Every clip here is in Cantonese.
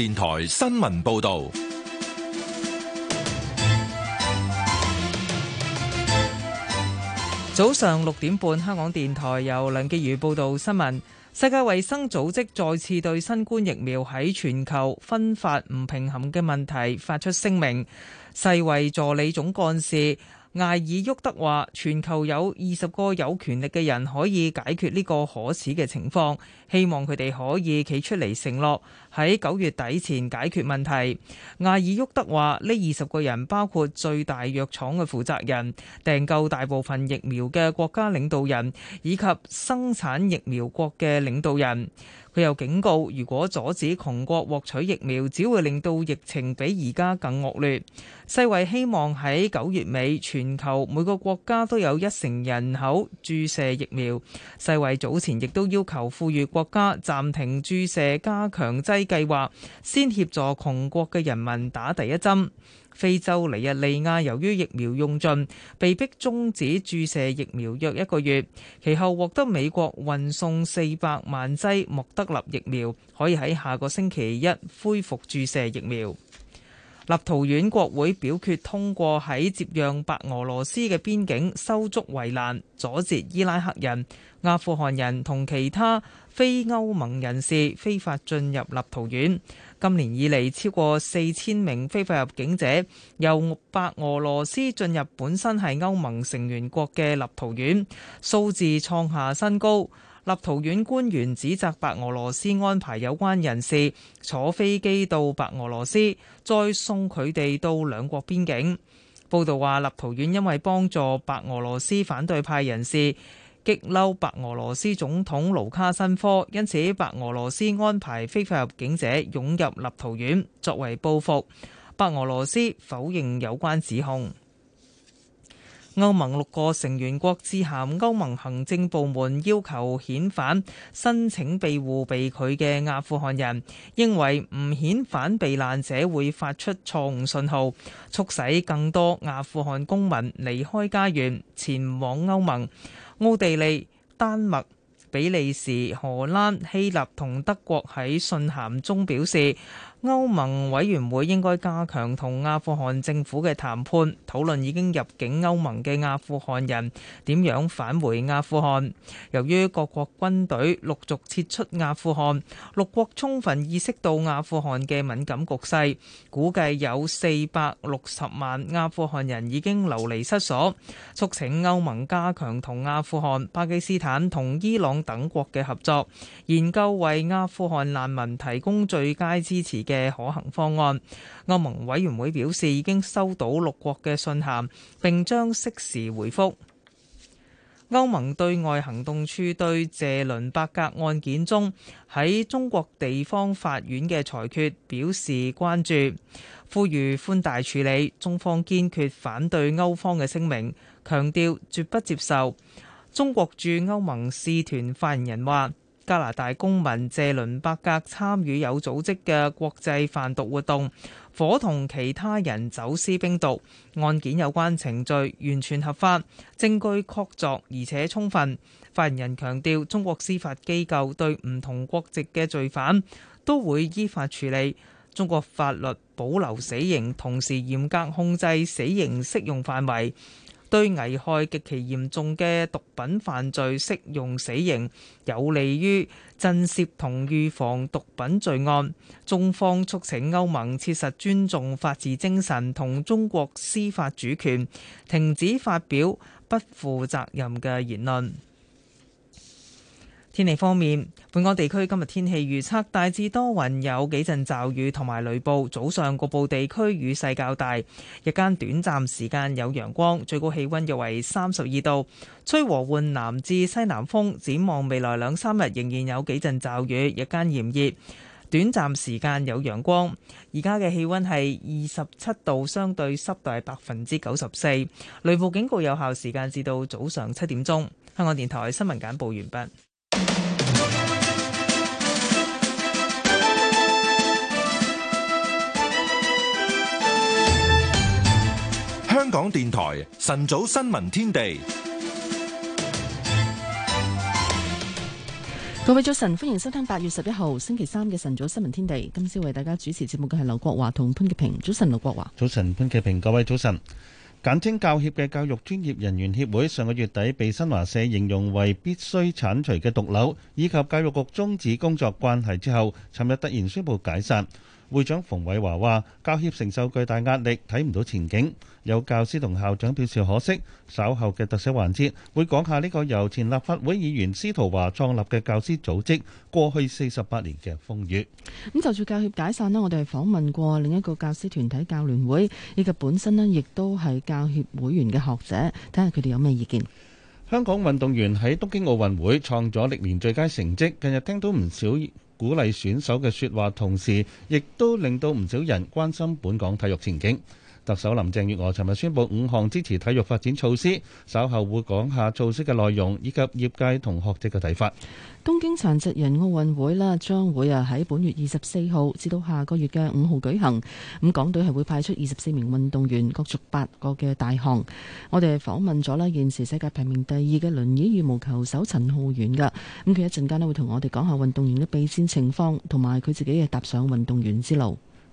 電台新聞報道：早上六點半，香港電台由梁潔如報道新聞。世界衛生組織再次對新冠疫苗喺全球分發唔平衡嘅問題發出聲明。世衛助理總幹事。艾爾沃德話：全球有二十個有權力嘅人可以解決呢個可恥嘅情況，希望佢哋可以企出嚟承諾喺九月底前解決問題。艾爾沃德話：呢二十個人包括最大藥廠嘅負責人、訂購大部分疫苗嘅國家領導人，以及生產疫苗國嘅領導人。佢又警告，如果阻止窮國獲取疫苗，只會令到疫情比而家更惡劣。世衛希望喺九月尾，全球每個國家都有一成人口注射疫苗。世衛早前亦都要求富裕國家暫停注射加強劑計劃，先協助窮國嘅人民打第一針。非洲尼日利亞由於疫苗用盡，被迫中止注射疫苗約一個月，其後獲得美國運送四百萬劑莫德納疫苗，可以喺下個星期一恢復注射疫苗。立陶宛國會表決通過喺接壤白俄羅斯嘅邊境修築圍欄，阻截伊拉克人、阿富汗人同其他非歐盟人士非法進入立陶宛。今年以嚟，超過四千名非法入境者由白俄羅斯進入本身係歐盟成員國嘅立陶宛，數字創下新高。立陶宛官員指責白俄羅斯安排有關人士坐飛機到白俄羅斯，再送佢哋到兩國邊境。報道話，立陶宛因為幫助白俄羅斯反對派人士，激嬲白俄羅斯總統盧卡申科，因此白俄羅斯安排非法入境者湧入立陶宛，作為報復。白俄羅斯否認有關指控。歐盟六個成員國致函，歐盟行政部門要求遣返申請庇護被拒嘅阿富汗人，認為唔遣返避難者會發出錯誤信號，促使更多阿富汗公民離開家園前往歐盟。奧地利、丹麥、比利時、荷蘭、希臘同德國喺信函中表示，歐盟委員會應該加強同阿富汗政府嘅談判，討論已經入境歐盟嘅阿富汗人點樣返回阿富汗。由於各國軍隊陸續撤出阿富汗，六國充分意識到阿富汗嘅敏感局勢，估計有四百六十萬阿富汗人已經流離失所，促請歐盟加強同阿富汗、巴基斯坦同伊朗等國嘅合作，研究為阿富汗難民提供最佳支持嘅可行方案，歐盟委員會表示已經收到六國嘅信函，並將適時回覆歐盟對外行動處對謝倫伯格案件中喺中國地方法院嘅裁決表示關注，呼籲寬大處理。中方堅決反對歐方嘅聲明，強調絕不接受。中國駐歐盟使團發言人話。加拿大公民謝倫伯格參與有組織嘅國際販毒活動，伙同其他人走私冰毒。案件有關程序完全合法，證據確鑿而且充分。發言人強調，中國司法機構對唔同國籍嘅罪犯都會依法處理。中國法律保留死刑，同時嚴格控制死刑適用範圍。對危害極其嚴重嘅毒品犯罪適用死刑，有利於震懾同預防毒品罪案。中方促請歐盟切實尊重法治精神同中國司法主權，停止發表不負責任嘅言論。天氣方面，本港地區今日天，天氣預測大致多雲，有幾陣驟雨同埋雷暴，早上局部地區雨勢較大，日間短暫時間有陽光，最高氣温約為三十二度，吹和緩南至西南風。展望未來兩三日仍然有幾陣驟雨，日間炎熱，短暫時間有陽光。而家嘅氣温係二十七度，相對濕度係百分之九十四，雷暴警告有效時間至到早上七點鐘。香港電台新聞簡報完畢。香港電台晨早新聞天地，各位早晨，歡迎收聽八月十一號星期三嘅晨早新聞天地。今朝為大家主持節目嘅係劉國華同潘潔平。早晨，劉國華。早晨，潘潔平。各位早晨。簡稱教協嘅教育專業人員協會上個月底被新華社形容為必須鏟除嘅毒瘤，以及教育局終止工作關係之後，尋日突然宣佈解散。會長馮偉華話：教協承受巨大壓力，睇唔到前景。有教師同校長表示可惜。稍後嘅特色環節會講下呢個由前立法會議員司徒華創立嘅教師組織過去四十八年嘅風雨。咁就住教協解散呢，我哋訪問過另一個教師團體教聯會，以及本身呢亦都係教協會員嘅學者，睇下佢哋有咩意見。香港運動員喺東京奧運會創咗歷年最佳成績，近日聽到唔少。鼓勵選手嘅說話，同時亦都令到唔少人關心本港體育前景。特首林鄭月娥尋日宣布五項支持體育發展措施，稍後會講下措施嘅內容以及業界同學者嘅睇法。東京殘疾人奧運會啦，將會啊喺本月二十四號至到下個月嘅五號舉行。咁港隊係會派出二十四名運動員，角逐八個嘅大項。我哋訪問咗啦，現時世界排名第二嘅輪椅羽毛球手陳浩源嘅。咁佢一陣間咧會同我哋講下運動員嘅備戰情況，同埋佢自己嘅踏上運動員之路。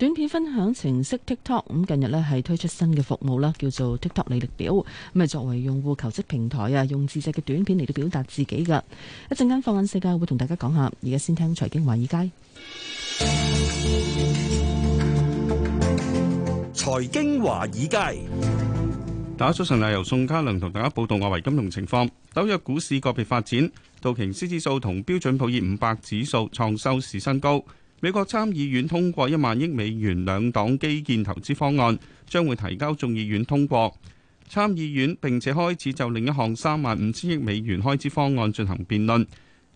短片分享程式 TikTok 咁近日咧係推出新嘅服務啦，叫做 TikTok 履歷表。咁啊，作為用戶求職平台啊，用自製嘅短片嚟到表達自己噶。一陣間放眼世界，會同大家講下。而家先聽財經華爾街。財經華爾街，大家早晨啊！由宋嘉倫同大家報道外圍金融情況。紐約股市個別發展，道瓊斯指數同標準普爾五百指數創收市新高。美國參議院通過一萬億美元兩黨基建投資方案，將會提交眾議院通過。參議院並且開始就另一項三萬五千億美元開支方案進行辯論。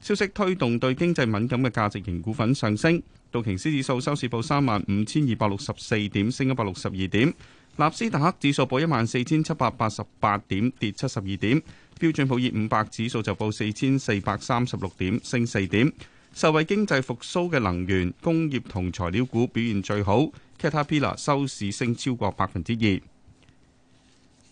消息推動對經濟敏感嘅價值型股份上升。道瓊斯指數收市報三萬五千二百六十四點，升一百六十二點。納斯達克指數報一萬四千七百八十八點，跌七十二點。標準普爾五百指數就報四千四百三十六點，升四點。受惠經濟復甦嘅能源、工業同材料股表現最好，Caterpillar 收市升超過百分之二。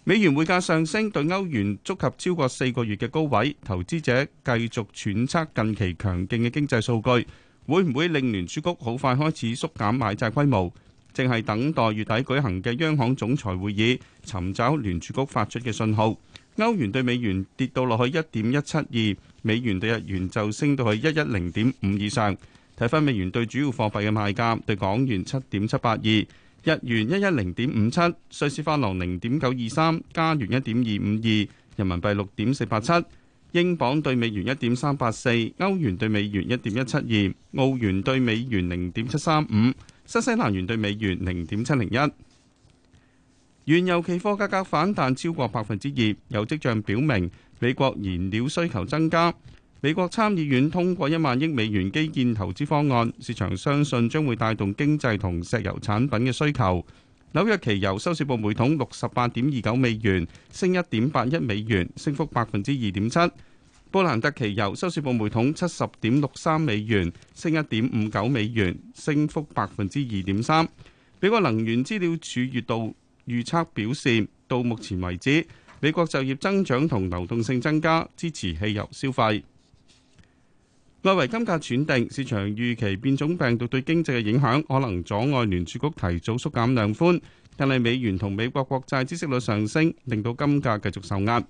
美元匯價上升，對歐元觸及超過四個月嘅高位，投資者繼續揣測近期強勁嘅經濟數據會唔會令聯儲局好快開始縮減買債規模，淨係等待月底舉行嘅央行總裁會議，尋找聯儲局發出嘅訊號。歐元對美元跌到落去一點一七二，美元對日元就升到去一一零點五以上。睇返美元對主要貨幣嘅賣價，對港元七點七八二，日元一一零點五七，瑞士法郎零點九二三，加元一點二五二，人民幣六點四八七，英鎊對美元一點三八四，歐元對美元一點一七二，澳元對美元零點七三五，新西蘭元對美元零點七零一。原油期貨價格反彈超過百分之二，有跡象表明美國燃料需求增加。美國參議院通過一萬億美元基建投資方案，市場相信將會帶動經濟同石油產品嘅需求。紐約期油收市報每桶六十八點二九美元，升一點八一美元，升幅百分之二點七。布蘭特期油收市報每桶七十點六三美元，升一點五九美元，升幅百分之二點三。美國能源資料處月度預測表示，到目前為止，美國就業增長同流動性增加支持汽油消費。外圍金價轉定，市場預期變種病毒對經濟嘅影響可能阻礙聯儲局提早縮減量寬，但係美元同美國國債孳息率上升令到金價繼續受壓。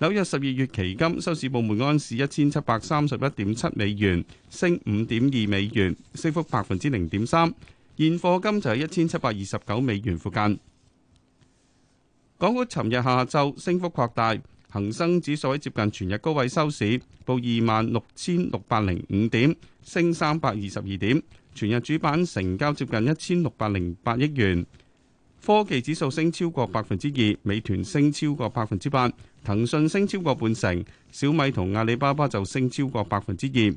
紐約十二月期金收市部門安市一千七百三十一點七美元，升五點二美元，升幅百分之零點三。現貨金就係一千七百二十九美元附近。港股尋日下晝升幅擴大，恒生指數喺接近全日高位收市，報二萬六千六百零五點，升三百二十二點。全日主板成交接近一千六百零八億元。科技指數升超過百分之二，美團升超過百分之八，騰訊升超過半成，小米同阿里巴巴就升超過百分之二。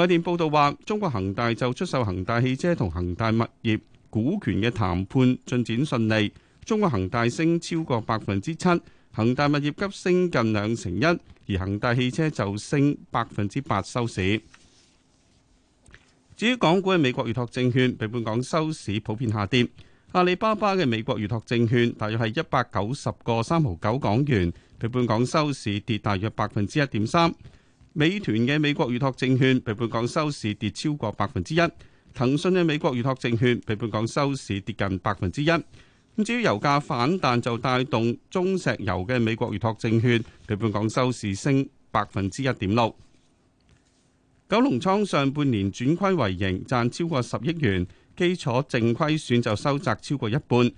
外電報道話，中國恒大就出售恒大汽車同恒大物業股權嘅談判進展順利。中國恒大升超過百分之七，恒大物業急升近兩成一，而恒大汽車就升百分之八收市。至於港股嘅美國預託證券，比本港收市普遍下跌。阿里巴巴嘅美國預託證券大約係一百九十個三毫九港元，比本港收市跌大約百分之一點三。美團嘅美國預託證券比本港收市跌超過百分之一。騰訊嘅美國預託證券比本港收市跌近百分之一。咁至於油價反彈就帶動中石油嘅美國預託證券，比本港收市升百分之一點六。九龍倉上半年轉虧為盈，賺超過十億元，基礎淨虧損就收窄超過一半。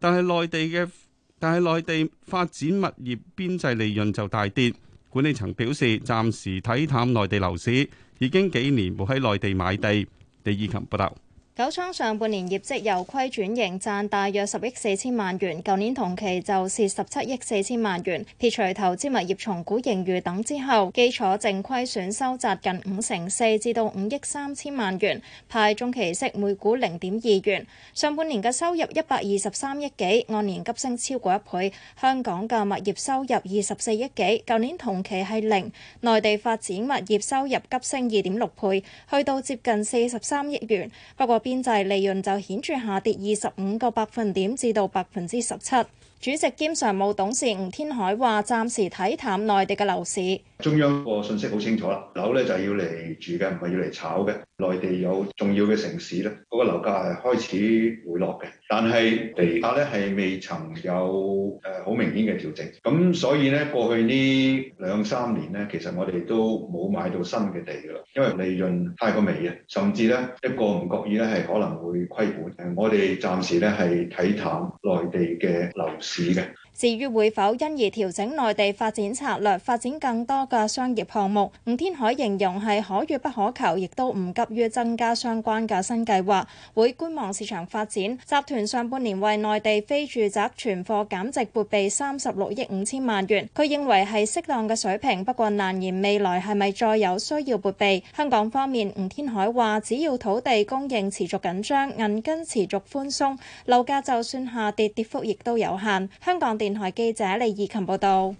但係內地嘅，但係內地發展物業邊際利潤就大跌。管理層表示，暫時睇淡內地樓市，已經幾年冇喺內地買地。李以琴報道。九倉上半年業績由虧轉盈，賺大約十億四千萬元，舊年同期就蝕十七億四千萬元。撇除投資物業重估盈餘等之後，基礎淨虧損收窄近五成四，至到五億三千萬元，派中期息每股零點二元。上半年嘅收入一百二十三億幾，按年急升超過一倍。香港嘅物業收入二十四億幾，舊年同期係零，內地發展物業收入急升二點六倍，去到接近四十三億元。不過邊際利潤就顯著下跌二十五個百分點至到百分之十七。主席兼常務董事吳天海話：暫時睇淡內地嘅樓市。中央個信息好清楚啦，樓咧就係要嚟住嘅，唔係要嚟炒嘅。內地有重要嘅城市咧，嗰個樓價係開始回落嘅，但係地價咧係未曾有誒好明顯嘅調整。咁所以咧，過去呢兩三年咧，其實我哋都冇買到新嘅地嘅啦，因為利潤太過微啊，甚至咧一個唔覺意咧係可能會虧本。我哋暫時咧係睇淡內地嘅樓市嘅。至於會否因而調整內地發展策略，發展更多嘅商業項目，吳天海形容係可遇不可求，亦都唔急於增加相關嘅新計劃，會觀望市場發展。集團上半年為內地非住宅存貨減值撥備三十六億五千萬元，佢認為係適當嘅水平，不過難言未來係咪再有需要撥備。香港方面，吳天海話只要土地供應持續緊張，銀根持續寬鬆，樓價就算下跌，跌幅亦都有限。香港。電台記者李怡琴報道，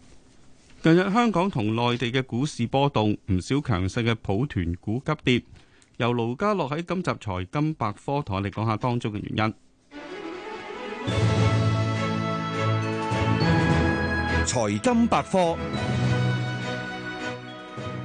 近日香港同內地嘅股市波動，唔少強勢嘅抱團股急跌。由盧家樂喺今集《財金百科》同我哋講下當中嘅原因。財金百科。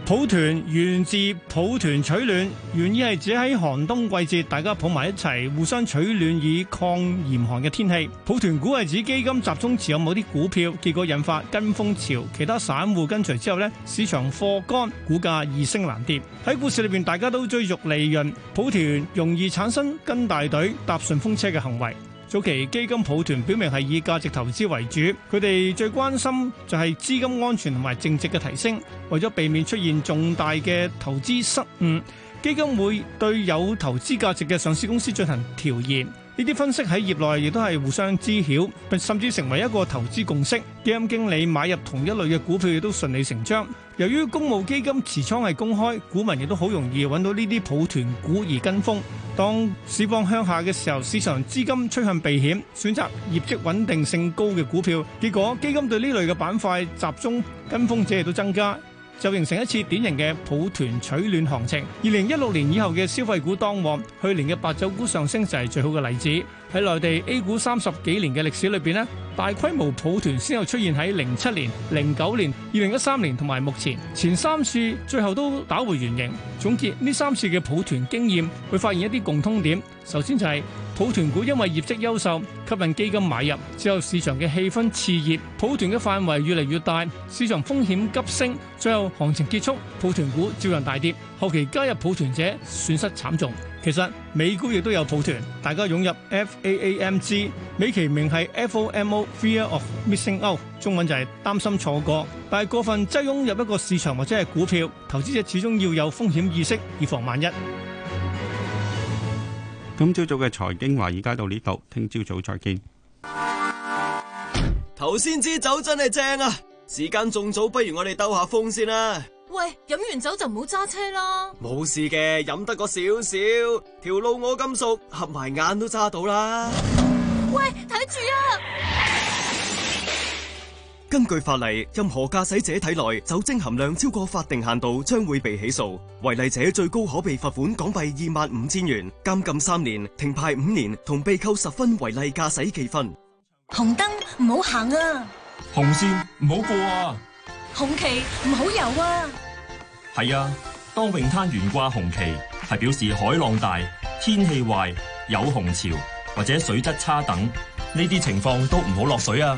抱團源自抱團取暖，原意係指喺寒冬季節，大家抱埋一齊，互相取暖以抗嚴寒嘅天氣。抱團股係指基金集中持有某啲股票，結果引發跟風潮，其他散戶跟隨之後呢，市場貨乾，股價易升難跌。喺股市裏邊，大家都追逐利潤，抱團容易產生跟大隊搭順風車嘅行為。早期基金抱團表明係以價值投資為主，佢哋最關心就係資金安全同埋淨值嘅提升，為咗避免出現重大嘅投資失誤，基金會對有投資價值嘅上市公司進行調研。呢啲分析喺業內亦都係互相知曉，甚至成為一個投資共識。基金經理買入同一類嘅股票亦都順理成章。由於公募基金持倉係公開，股民亦都好容易揾到呢啲抱團股而跟風。當市況向下嘅時候，市場資金趨向避險，選擇業績穩定性高嘅股票。結果基金對呢類嘅板塊集中跟風者亦都增加。就形成一次典型嘅抱團取暖行情。二零一六年以後嘅消費股當旺，去年嘅白酒股上升就係最好嘅例子。喺內地 A 股三十幾年嘅歷史裏面，大規模抱團先後出現喺零七年、零九年、二零一三年同埋目前前三次，最後都打回原形。總結呢三次嘅抱團經驗，會發現一啲共通點。首先就係、是。抱團股因為業績優秀，吸引基金買入，之後市場嘅氣氛熾熱，抱團嘅範圍越嚟越大，市場風險急升，最後行情結束，抱團股照樣大跌。後期加入抱團者損失慘重。其實美股亦都有抱團，大家湧入 F A A M G，美其名係 F O M O（Fear of Missing Out），中文就係擔心錯過，但係過分擠湧入一個市場或者係股票，投資者始終要有風險意識，以防萬一。今朝早嘅財經華爾街到呢度，聽朝早再見。頭先支酒真係正啊！時間仲早，不如我哋兜下風先啦，啊。喂，飲完酒就唔好揸車啦。冇事嘅，飲得個少少，條路我咁熟，合埋眼都揸到啦。喂，睇住啊！根據法例，任何駕駛者體內酒精含量超過法定限度，將會被起訴。違例者最高可被罰款港幣二萬五千元、監禁三年、停牌五年，同被扣十分違例駕駛記分。紅燈唔好行啊！紅線唔好過啊！紅旗唔好游啊！係啊，當泳灘懸掛紅旗，係表示海浪大、天氣壞、有紅潮或者水質差等，呢啲情況都唔好落水啊！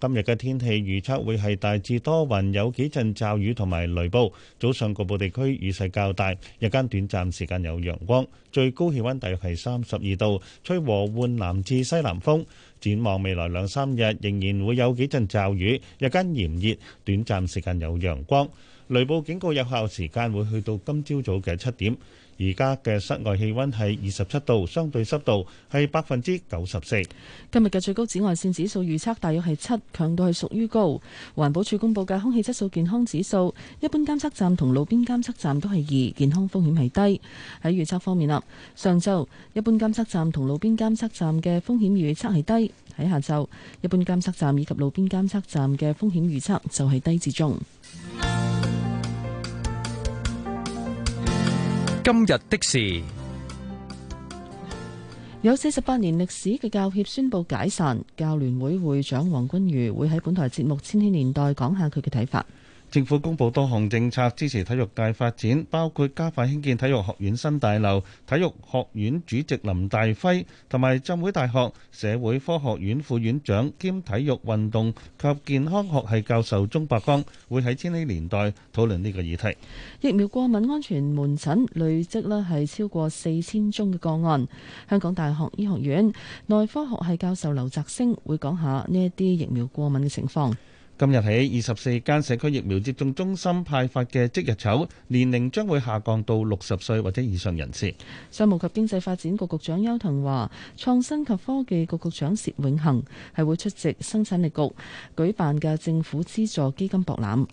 今日嘅天氣預測會係大致多雲，有幾陣驟雨同埋雷暴。早上局部地區雨勢較大，日間短暫時間有陽光，最高氣溫大約係三十二度，吹和緩南至西南風。展望未來兩三日，仍然會有幾陣驟雨，日間炎熱，短暫時間有陽光。雷暴警告有效時間會去到今朝早嘅七點。而家嘅室外氣溫係二十七度，相對濕度係百分之九十四。今日嘅最高紫外線指數預測大約係七，強度係屬於高。環保署公布嘅空氣質素健康指數，一般監測站同路邊監測站都係二，健康風險係低。喺預測方面啦，上晝一般監測站同路邊監測站嘅風險預測係低，喺下晝一般監測站以及路邊監測站嘅風險預測就係低至中。今日的事，有四十八年歷史嘅教協宣布解散，教聯會會長黃均瑜會喺本台節目《千禧年代》講下佢嘅睇法。政府公布多項政策支持體育界發展，包括加快興建體育學院新大樓。體育學院主席林大輝同埋浸會大學社會科學院副院長兼體育運動及健康學系教授鍾伯光會喺千禧年代討論呢個議題。疫苗過敏安全門診累積呢係超過四千宗嘅個案。香港大學醫學院內科學系教授劉澤星會講下呢一啲疫苗過敏嘅情況。今日起，二十四間社區疫苗接種中心派發嘅即日籌，年齡將會下降到六十歲或者以上人士。商務及經濟發展局局長邱騰華、創新及科技局局長薛永恒係會出席生產力局舉辦嘅政府資助基金博覽。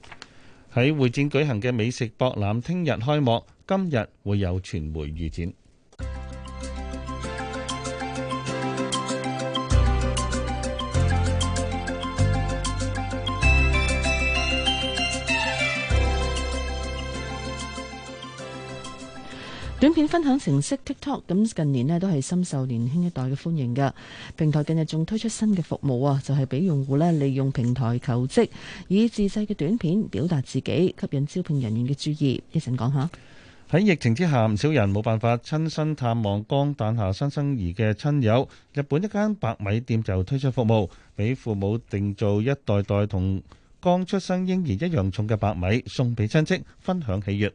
喺會展舉行嘅美食博覽聽日開幕，今日會有傳媒預展。短片分享程式 TikTok 咁近年咧都係深受年輕一代嘅歡迎嘅平台。近日仲推出新嘅服務啊，就係俾用戶咧利用平台求職，以自製嘅短片表達自己，吸引招聘人員嘅注意。一陣講下喺疫情之下，唔少人冇辦法親身探望剛誕下新生兒嘅親友。日本一間白米店就推出服務，俾父母訂做一袋袋同剛出生嬰兒一樣重嘅白米，送俾親戚分享喜悅。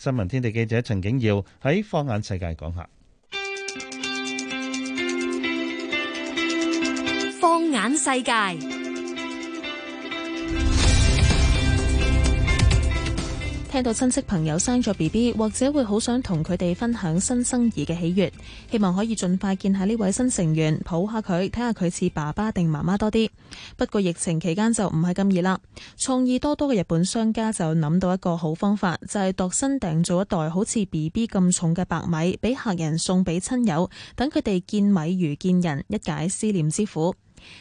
新聞天地記者陳景耀喺放眼世界講下，放眼世界。聽到親戚朋友生咗 BB，或者會好想同佢哋分享新生兒嘅喜悅，希望可以盡快見下呢位新成員，抱下佢，睇下佢似爸爸定媽媽多啲。不過疫情期間就唔係咁易啦。創意多多嘅日本商家就諗到一個好方法，就係度身訂做一袋好似 BB 咁重嘅白米，俾客人送俾親友，等佢哋見米如見人，一解思念之苦。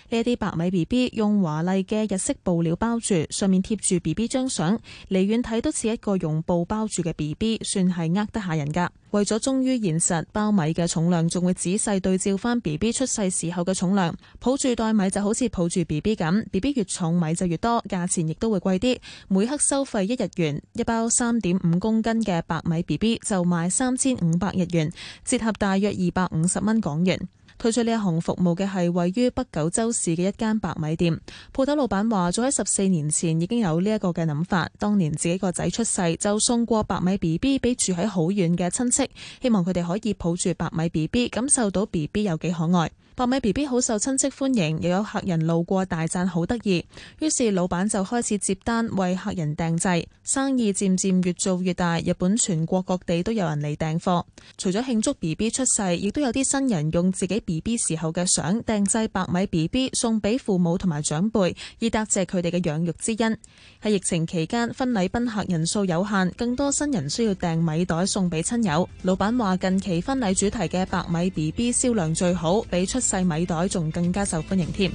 呢啲白米 B B 用華麗嘅日式布料包住，上面貼住 B B 張相，離遠睇都似一個用布包住嘅 B B，算係呃得下人㗎。為咗忠於現實，包米嘅重量仲會仔細對照返 B B 出世時候嘅重量。抱住袋米就好似抱住 B B 咁，B B 越重，米就越多，價錢亦都會貴啲。每克收費一日元，一包三點五公斤嘅白米 B B 就賣三千五百日元，折合大約二百五十蚊港元。推出呢一項服務嘅係位於北九州市嘅一間白米店。鋪頭老板話，早喺十四年前已經有呢一個嘅諗法。當年自己個仔出世，就送過白米 BB 俾住喺好遠嘅親戚，希望佢哋可以抱住白米 BB，感受到 BB 有幾可愛。白米 BB 好受親戚歡迎，又有客人路過大讚好得意，於是老闆就開始接單為客人訂製，生意漸漸越做越大。日本全國各地都有人嚟訂貨，除咗慶祝 BB 出世，亦都有啲新人用自己 BB 時候嘅相訂製白米 BB 送俾父母同埋長輩，以答謝佢哋嘅養育之恩。喺疫情期間，婚禮賓客人數有限，更多新人需要訂米袋送俾親友。老闆話近期婚禮主題嘅白米 BB 銷量最好，比出。細米袋仲更加受歡迎添，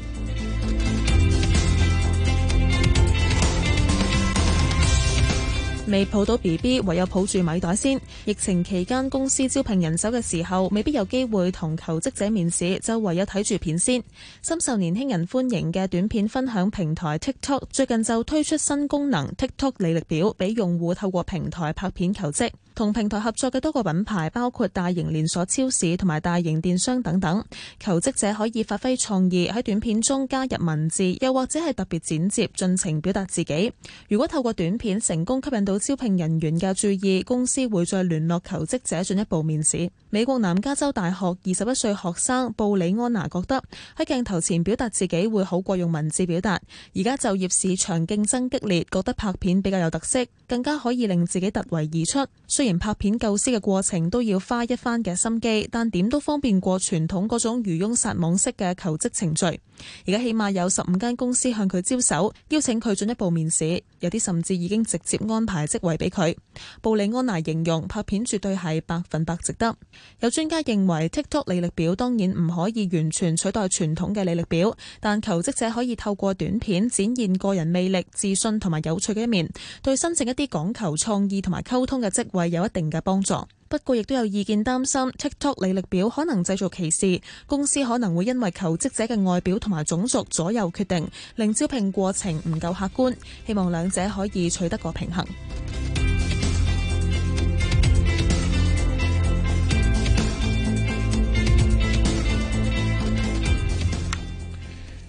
未抱到 BB，唯有抱住米袋先。疫情期間公司招聘人手嘅時候，未必有機會同求職者面試，就唯有睇住片先。深受年輕人歡迎嘅短片分享平台 TikTok 最近就推出新功能 TikTok 履歷表，俾用戶透過平台拍片求職。同平台合作嘅多個品牌，包括大型連鎖超市同埋大型電商等等。求職者可以發揮創意喺短片中加入文字，又或者係特別剪接，盡情表達自己。如果透過短片成功吸引到招聘人員嘅注意，公司會再聯絡求職者進一步面試。美國南加州大學二十一歲學生布里安娜覺得喺鏡頭前表達自己會好過用文字表達，而家就業市場競爭激烈，覺得拍片比較有特色，更加可以令自己突圍而出。雖然拍片構思嘅過程都要花一番嘅心機，但點都方便過傳統嗰種魚翁撒網式嘅求職程序。而家起碼有十五間公司向佢招手，邀請佢進一步面試。有啲甚至已經直接安排職位俾佢。布里安娜形容拍片絕對係百分百值得。有專家認為，TikTok 履歷表當然唔可以完全取代傳統嘅履歷表，但求職者可以透過短片展現個人魅力、自信同埋有趣嘅一面，對申請一啲講求創意同埋溝通嘅職位有一定嘅幫助。不過，亦都有意見擔心 TikTok 履歷表可能製造歧視，公司可能會因為求職者嘅外表同埋種族左右決定，令招聘過程唔夠客觀。希望兩者可以取得個平衡。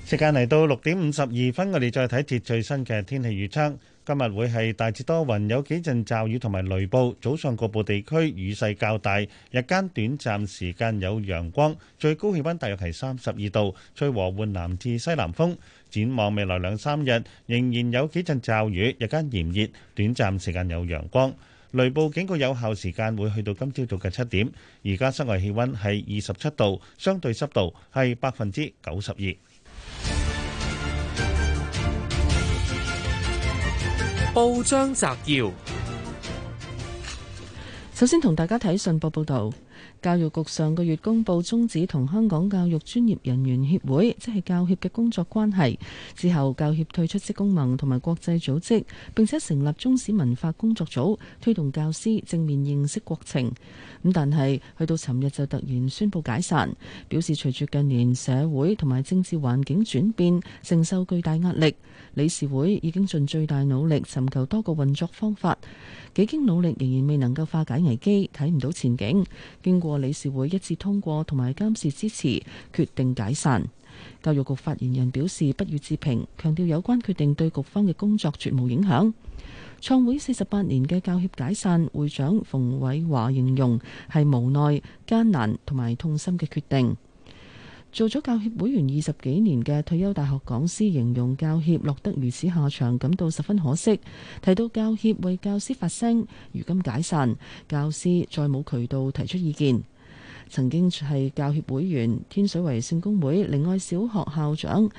時間嚟到六點五十二分，我哋再睇節最新嘅天氣預測。今日會係大致多雲，有幾陣驟雨同埋雷暴，早上局部地區雨勢較大，日間短暫時間有陽光，最高氣溫大約係三十二度，吹和緩南至西南風。展望未來兩三日仍然有幾陣驟雨，日間炎熱，短暫時間有陽光，雷暴警告有效時間會去到今朝早嘅七點。而家室外氣溫係二十七度，相對濕度係百分之九十二。報章摘要：首先同大家睇信報報道，教育局上個月公布終止同香港教育專業人員協會，即係教協嘅工作關係。之後，教協退出職工盟同埋國際組織，並且成立中史文化工作組，推動教師正面認識國情。咁但係去到尋日就突然宣布解散，表示隨住近年社會同埋政治環境轉變，承受巨大壓力。理事會已經盡最大努力尋求多個運作方法，幾經努力仍然未能夠化解危機，睇唔到前景。經過理事會一致通過同埋監事支持，決定解散。教育局發言人表示不予置評，強調有關決定對局方嘅工作絕無影響。創會四十八年嘅教協解散，會長馮偉華形容係無奈、艱難同埋痛心嘅決定。做咗教協會員二十幾年嘅退休大學講師，形容教協落得如此下場，感到十分可惜，提到教協為教師發聲，如今解散，教師再冇渠道提出意見。曾經係教協會員、天水圍聖公會另外小學校長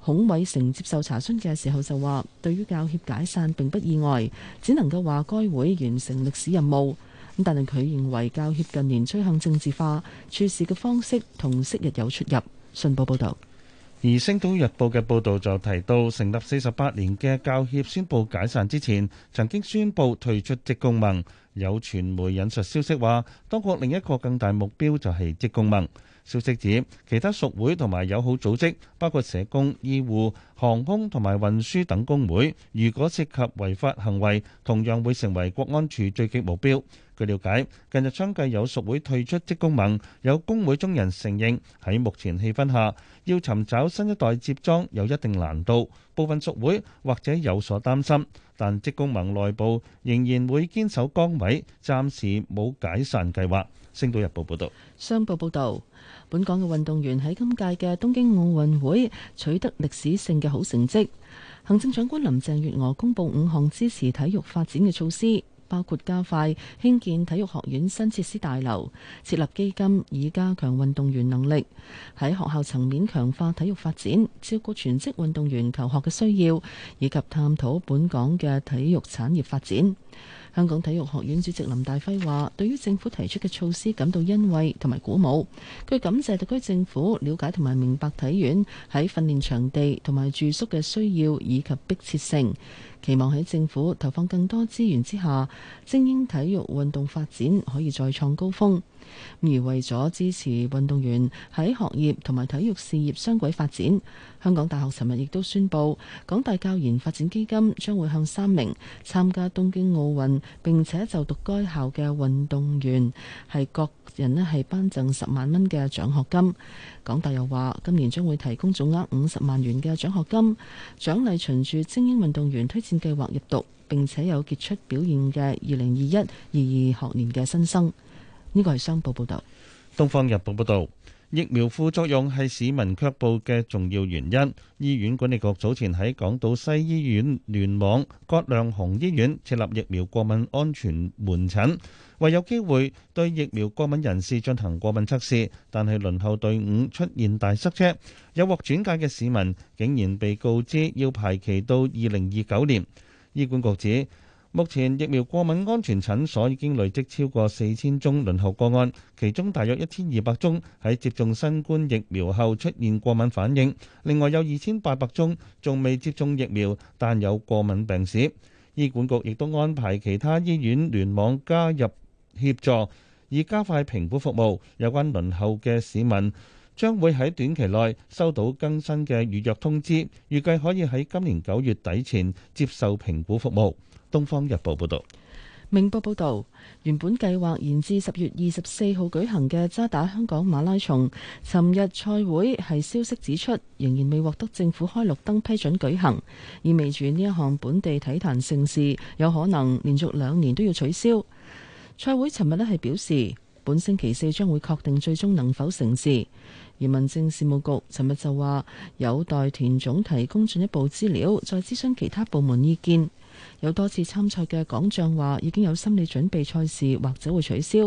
孔偉成接受查詢嘅時候就話，對於教協解散並不意外，只能夠話該會完成歷史任務。但係佢認為教協近年趨向政治化，處事嘅方式同昔日有出入。信報報導。而《星島日報》嘅報導就提到，成立四十八年嘅教協宣布解散之前，曾經宣布退出職工盟。有傳媒引述消息話，當局另一個更大目標就係職工盟。消息指，其他屬會同埋友好組織，包括社工、醫護、航空同埋運輸等工會，如果涉及違法行為，同樣會成為國安處追擊目標。據了解，近日相繼有屬會退出職工盟，有工會中人承認喺目前氣氛下，要尋找新一代接莊有一定難度。部分屬會或者有所擔心，但職工盟內部仍然會堅守崗位，暫時冇解散計劃。星島日報報道，商報報道，本港嘅運動員喺今屆嘅東京奧運會取得歷史性嘅好成績。行政長官林鄭月娥公布五項支持體育發展嘅措施。包括加快興建體育學院新設施大樓，設立基金以加強運動員能力；喺學校層面強化體育發展，照顧全職運動員求學嘅需要，以及探討本港嘅體育產業發展。香港體育學院主席林大輝話，對於政府提出嘅措施感到欣慰同埋鼓舞，佢感謝特區政府了解同埋明白體院喺訓練場地同埋住宿嘅需要以及迫切性。期望喺政府投放更多資源之下，精英體育運動發展可以再創高峰。而為咗支持運動員喺學業同埋體育事業雙軌發展，香港大學尋日亦都宣布，港大教研發展基金將會向三名參加東京奧運並且就讀該校嘅運動員係各人咧係頒贈十萬蚊嘅獎學金。港大又話，今年將會提供總額五十萬元嘅獎學金，獎勵循住精英運動員推薦計劃入讀並且有傑出表現嘅二零二一二二學年嘅新生。呢個係商報報導，《東方日報》報導，疫苗副作用係市民卻步嘅重要原因。醫院管理局早前喺港島西醫院聯網葛量洪醫院設立疫苗過敏安全門診，為有機會對疫苗過敏人士進行過敏測試，但係輪候隊伍出現大塞車，有獲轉介嘅市民竟然被告知要排期到二零二九年。醫管局指，目前疫苗過敏安全診所已經累積超過四千宗輪候個案，其中大約一千二百宗喺接種新冠疫苗後出現過敏反應，另外有二千八百宗仲未接種疫苗，但有過敏病史。醫管局亦都安排其他醫院聯網加入協助，以加快評估服務。有關輪候嘅市民將會喺短期內收到更新嘅預約通知，預計可以喺今年九月底前接受評估服務。《東方日報》報道，《明報》報道，原本計劃延至十月二十四號舉行嘅渣打香港馬拉松，尋日賽會係消息指出，仍然未獲得政府開綠燈批准舉行，意味住呢一項本地體壇盛事有可能連續兩年都要取消。賽會尋日咧係表示，本星期四將會確定最終能否成事，而民政事務局尋日就話有待田總提供進一步資料，再諮詢其他部門意見。有多次參賽嘅港將話已經有心理準備，賽事或者會取消。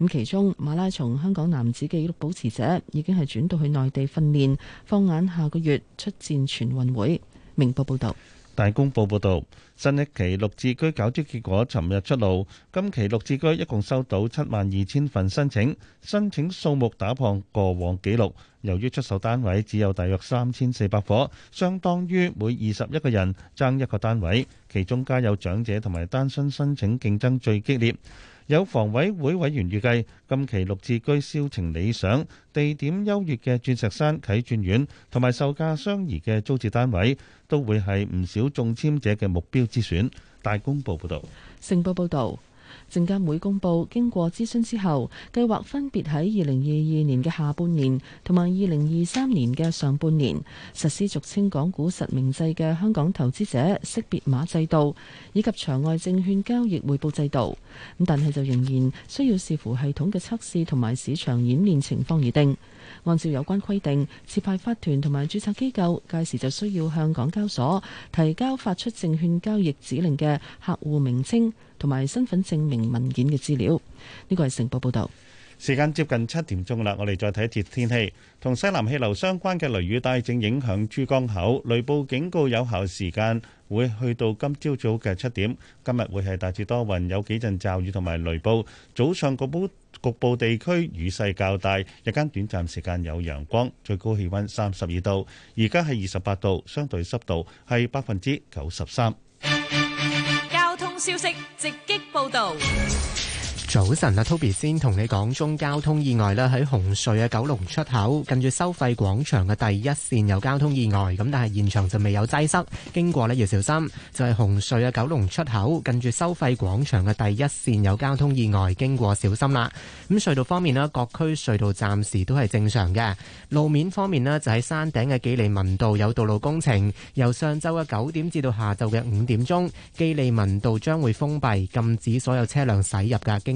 咁其中馬拉松香港男子紀錄保持者已經係轉到去內地訓練，放眼下個月出戰全運會。明報報道。大公報報導，新一期綠置居攪珠結果尋日出爐。今期綠置居一共收到七萬二千份申請，申請數目打破過往紀錄。由於出售單位只有大約三千四百伙，相當於每二十一個人爭一個單位。其中家有長者同埋單身申請競爭最激烈。有房委會委員預計，近期綠置居銷情理想、地點優越嘅鑽石山啟鑽苑同埋售價相宜嘅租置單位，都會係唔少中籤者嘅目標之選。大公報報道。星報報導。證監會公布，經過諮詢之後，計劃分別喺二零二二年嘅下半年同埋二零二三年嘅上半年實施俗稱港股實名制嘅香港投資者識別碼制度以及場外證券交易匯報制度，咁但係就仍然需要視乎系統嘅測試同埋市場演練情況而定。按照有關規定，持牌法團同埋註冊機構，屆時就需要向港交所提交發出證券交易指令嘅客戶名稱同埋身份證明文件嘅資料。呢個係成報報導。時間接近七點鐘啦，我哋再睇一睇天氣，同西南氣流相關嘅雷雨帶正影響珠江口，雷暴警告有效時間會去到今朝早嘅七點。今日會係大致多雲，有幾陣驟雨同埋雷暴。早上局部。局部地區雨勢較大，日間短暫時間有陽光，最高氣溫三十二度，而家係二十八度，相對濕度係百分之九十三。交通消息直擊報導。早晨啊，Toby 先同你講中交通意外啦，喺紅隧嘅九龍出口近住收費廣場嘅第一線有交通意外，咁但係現場就未有擠塞，經過咧，要小心。就係紅隧嘅九龍出口近住收費廣場嘅第一線有交通意外，經過小心啦。咁隧道方面呢，各區隧道暫時都係正常嘅。路面方面呢，就喺山頂嘅基利文道有道路工程，由上晝嘅九點至到下晝嘅五點鐘，基利文道將會封閉，禁止所有車輛駛入噶。經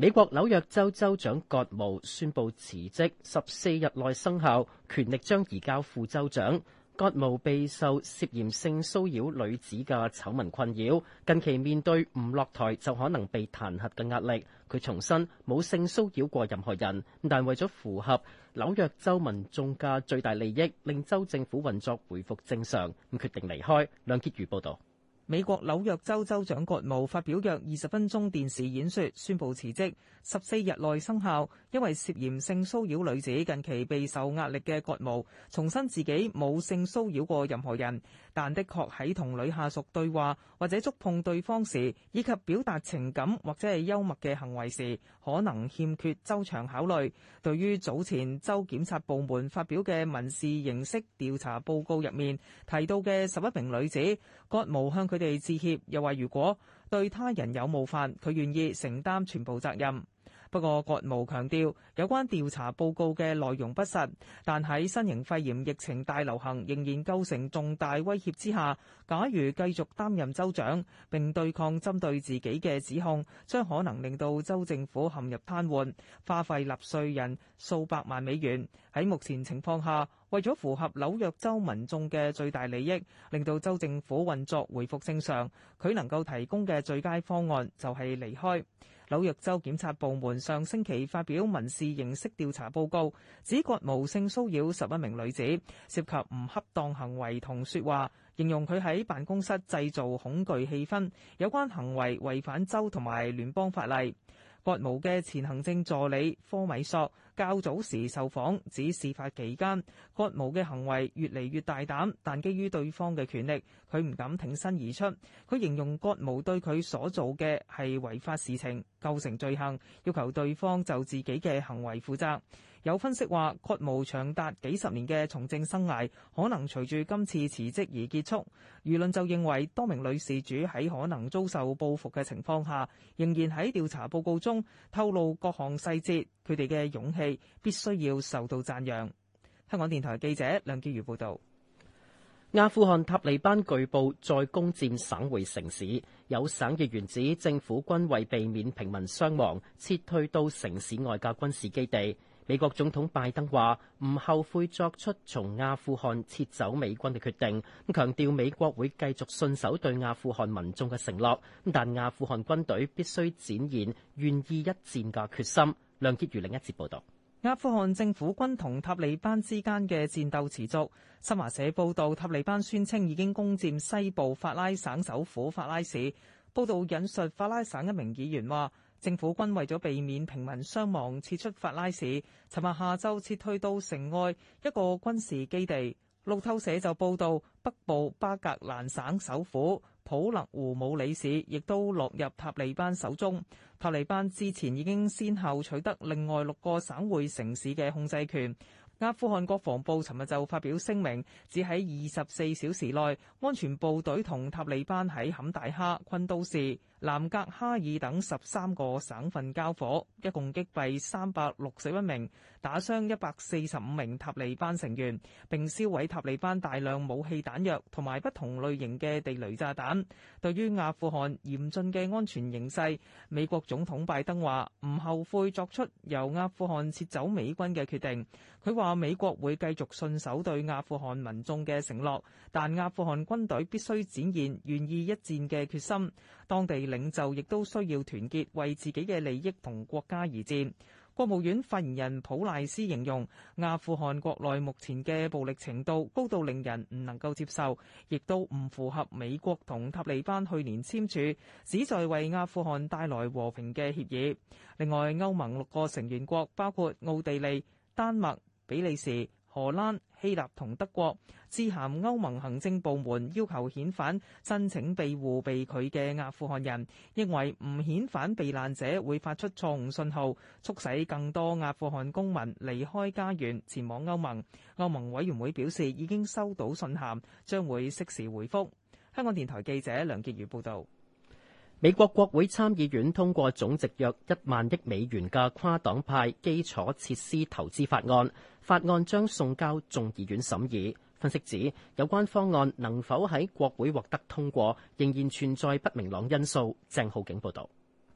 美國紐約州州長葛務宣布辭職，十四日內生效，權力將移交副州長。葛務備受涉嫌性騷擾女子嘅醜聞困擾，近期面對唔落台就可能被彈劾嘅壓力，佢重申冇性騷擾過任何人，但為咗符合紐約州民眾嘅最大利益，令州政府運作回復正常，咁決定離開。梁潔如報道。美國紐約州州長葛慕發表約二十分鐘電視演說，宣布辭職，十四日內生效，因為涉嫌性騷擾女子，近期備受壓力嘅葛慕重申自己冇性騷擾過任何人，但的確喺同女下屬對話或者觸碰對方時，以及表達情感或者係幽默嘅行為時可能欠缺周詳考慮。對於早前州檢察部門發表嘅民事形式調查報告入面提到嘅十一名女子，葛慕向佢佢哋致歉，又話如果對他人有冒犯，佢願意承擔全部責任。不過，葛姆強調有關調查報告嘅內容不實，但喺新型肺炎疫情大流行仍然構成重大威脅之下，假如繼續擔任州長並對抗針對自己嘅指控，將可能令到州政府陷入癱瘓，花費納稅人數百萬美元。喺目前情況下，為咗符合紐約州民眾嘅最大利益，令到州政府運作回復正常，佢能夠提供嘅最佳方案就係、是、離開。紐約州檢察部門上星期發表民事形式調查報告，指控無性騷擾十一名女子，涉及唔恰當行為同說話，形容佢喺辦公室製造恐懼氣氛，有關行為違反州同埋聯邦法例。葛謨嘅前行政助理科米索較早時受訪指事發期間葛謨嘅行為越嚟越大膽，但基於對方嘅權力，佢唔敢挺身而出。佢形容葛謨對佢所做嘅係違法事情，構成罪行，要求對方就自己嘅行為負責。有分析話，屈無長達幾十年嘅從政生涯可能隨住今次辭職而結束。輿論就認為多名女事主喺可能遭受報復嘅情況下，仍然喺調查報告中透露各項細節，佢哋嘅勇氣必須要受到讚揚。香港電台記者梁潔如報道：阿富汗塔利班據報再攻佔省會城市，有省議員指政府軍為避免平民傷亡，撤退到城市外嘅軍事基地。美國總統拜登話唔後悔作出從阿富汗撤走美軍嘅決定，強調美國會繼續信守對阿富汗民眾嘅承諾，但阿富汗軍隊必須展現願意一戰嘅決心。梁潔如另一節報道。阿富汗政府軍同塔利班之間嘅戰鬥持續。新華社報道，塔利班宣稱已經攻佔西部法拉省首府法拉市。報道引述法拉省一名議員話：政府軍為咗避免平民傷亡，撤出法拉市。尋日下晝撤退到城外一個軍事基地。路透社就報道，北部巴格蘭省首府普勒胡姆里市亦都落入塔利班手中。塔利班之前已經先後取得另外六個省會城市嘅控制權。阿富汗國防部尋日就發表聲明，只喺二十四小時內，安全部隊同塔利班喺坎大哈、昆都士、南格哈爾等十三個省份交火，一共擊斃三百六十一名，打傷一百四十五名塔利班成員，並銷毀塔利班大量武器彈藥同埋不同類型嘅地雷炸彈。對於阿富汗嚴峻嘅安全形勢，美國總統拜登話唔後悔作出由阿富汗撤走美軍嘅決定。佢美國會繼續信守對阿富汗民眾嘅承諾，但阿富汗軍隊必須展現願意一戰嘅決心。當地領袖亦都需要團結，為自己嘅利益同國家而戰。國務院發言人普賴斯形容，阿富汗國內目前嘅暴力程度高度令人唔能夠接受，亦都唔符合美國同塔利班去年簽署旨在為阿富汗帶來和平嘅協議，另外，歐盟六個成員國包括奧地利、丹麥。比利時、荷蘭、希臘同德國致函歐盟行政部門，要求遣返申請庇護被拒嘅阿富汗人，認為唔遣返避難者會發出錯誤信號，促使更多阿富汗公民離開家園前往歐盟。歐盟委員會表示已經收到信函，將會適時回覆。香港電台記者梁潔如報導。美國國會參議院通過總值約一萬億美元嘅跨黨派基礎設施投資法案，法案將送交眾議院審議。分析指有關方案能否喺國會獲得通過，仍然存在不明朗因素。鄭浩景報道。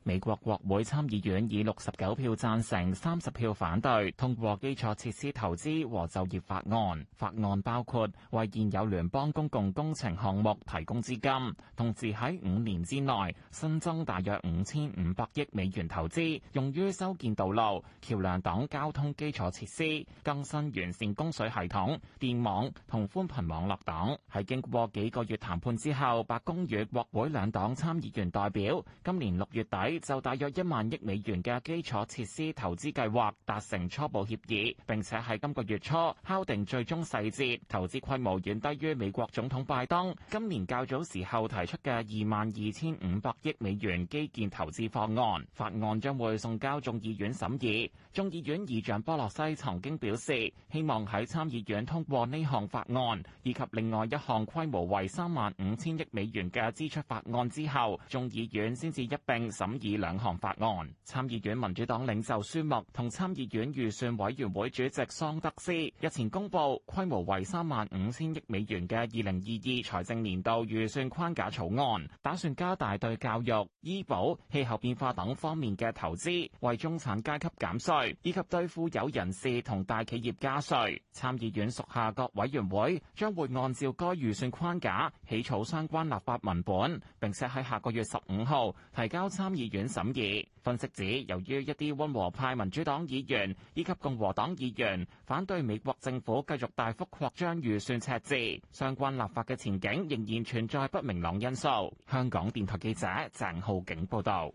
美國國會參議院以六十九票贊成、三十票反對通過基礎設施投資和就業法案。法案包括為現有聯邦公共工程項目提供資金，同時喺五年之內新增大約五千五百億美元投資，用於修建道路、橋梁等交通基礎設施，更新完善供水系統、電網同寬頻網絡等。喺經過幾個月談判之後，白宮與國會兩黨參議員代表，今年六月底，就大約一萬億美元嘅基礎設施投資計劃達成初步協議，並且喺今個月初敲定最終細節。投資規模遠低於美國總統拜登今年較早時候提出嘅二萬二千五百億美元基建投資方案。法案將會送交眾議院審議。眾議院議長波洛西曾經表示，希望喺參議院通過呢項法案以及另外一項規模為三萬五千億美元嘅支出法案之後，眾議院先至一併審以兩項法案，參議院民主黨領袖舒默同參議院預算委員會主席桑德斯日前公布規模為三萬五千億美元嘅二零二二財政年度預算框架草案，打算加大對教育、醫保、氣候變化等方面嘅投資，為中產階級減稅，以及對富有人士同大企業加稅。參議院屬下各委員會將會按照該預算框架起草相關立法文本，並且喺下個月十五號提交參議院審議，分析指由於一啲溫和派民主黨議員以及共和黨議員反對美國政府繼續大幅擴張預算赤字，相關立法嘅前景仍然存在不明朗因素。香港電台記者鄭浩景報導。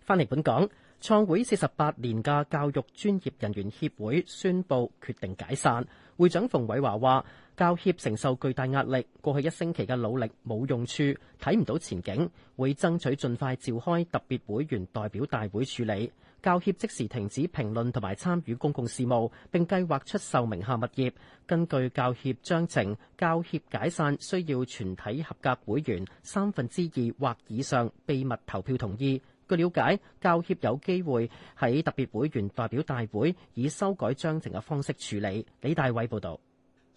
翻嚟本港，創會四十八年嘅教育專業人員協會宣布決定解散，會長馮偉華話：教協承受巨大壓力，過去一星期嘅努力冇用處，睇唔到前景，會爭取盡快召開特別會員代表大會處理。教協即時停止評論同埋參與公共事務，並計劃出售名下物業。根據教協章程，教協解散需要全體合格會員三分之二或以上秘密投票同意。據了解，教協有機會喺特別會員代表大會以修改章程嘅方式處理。李大偉報導。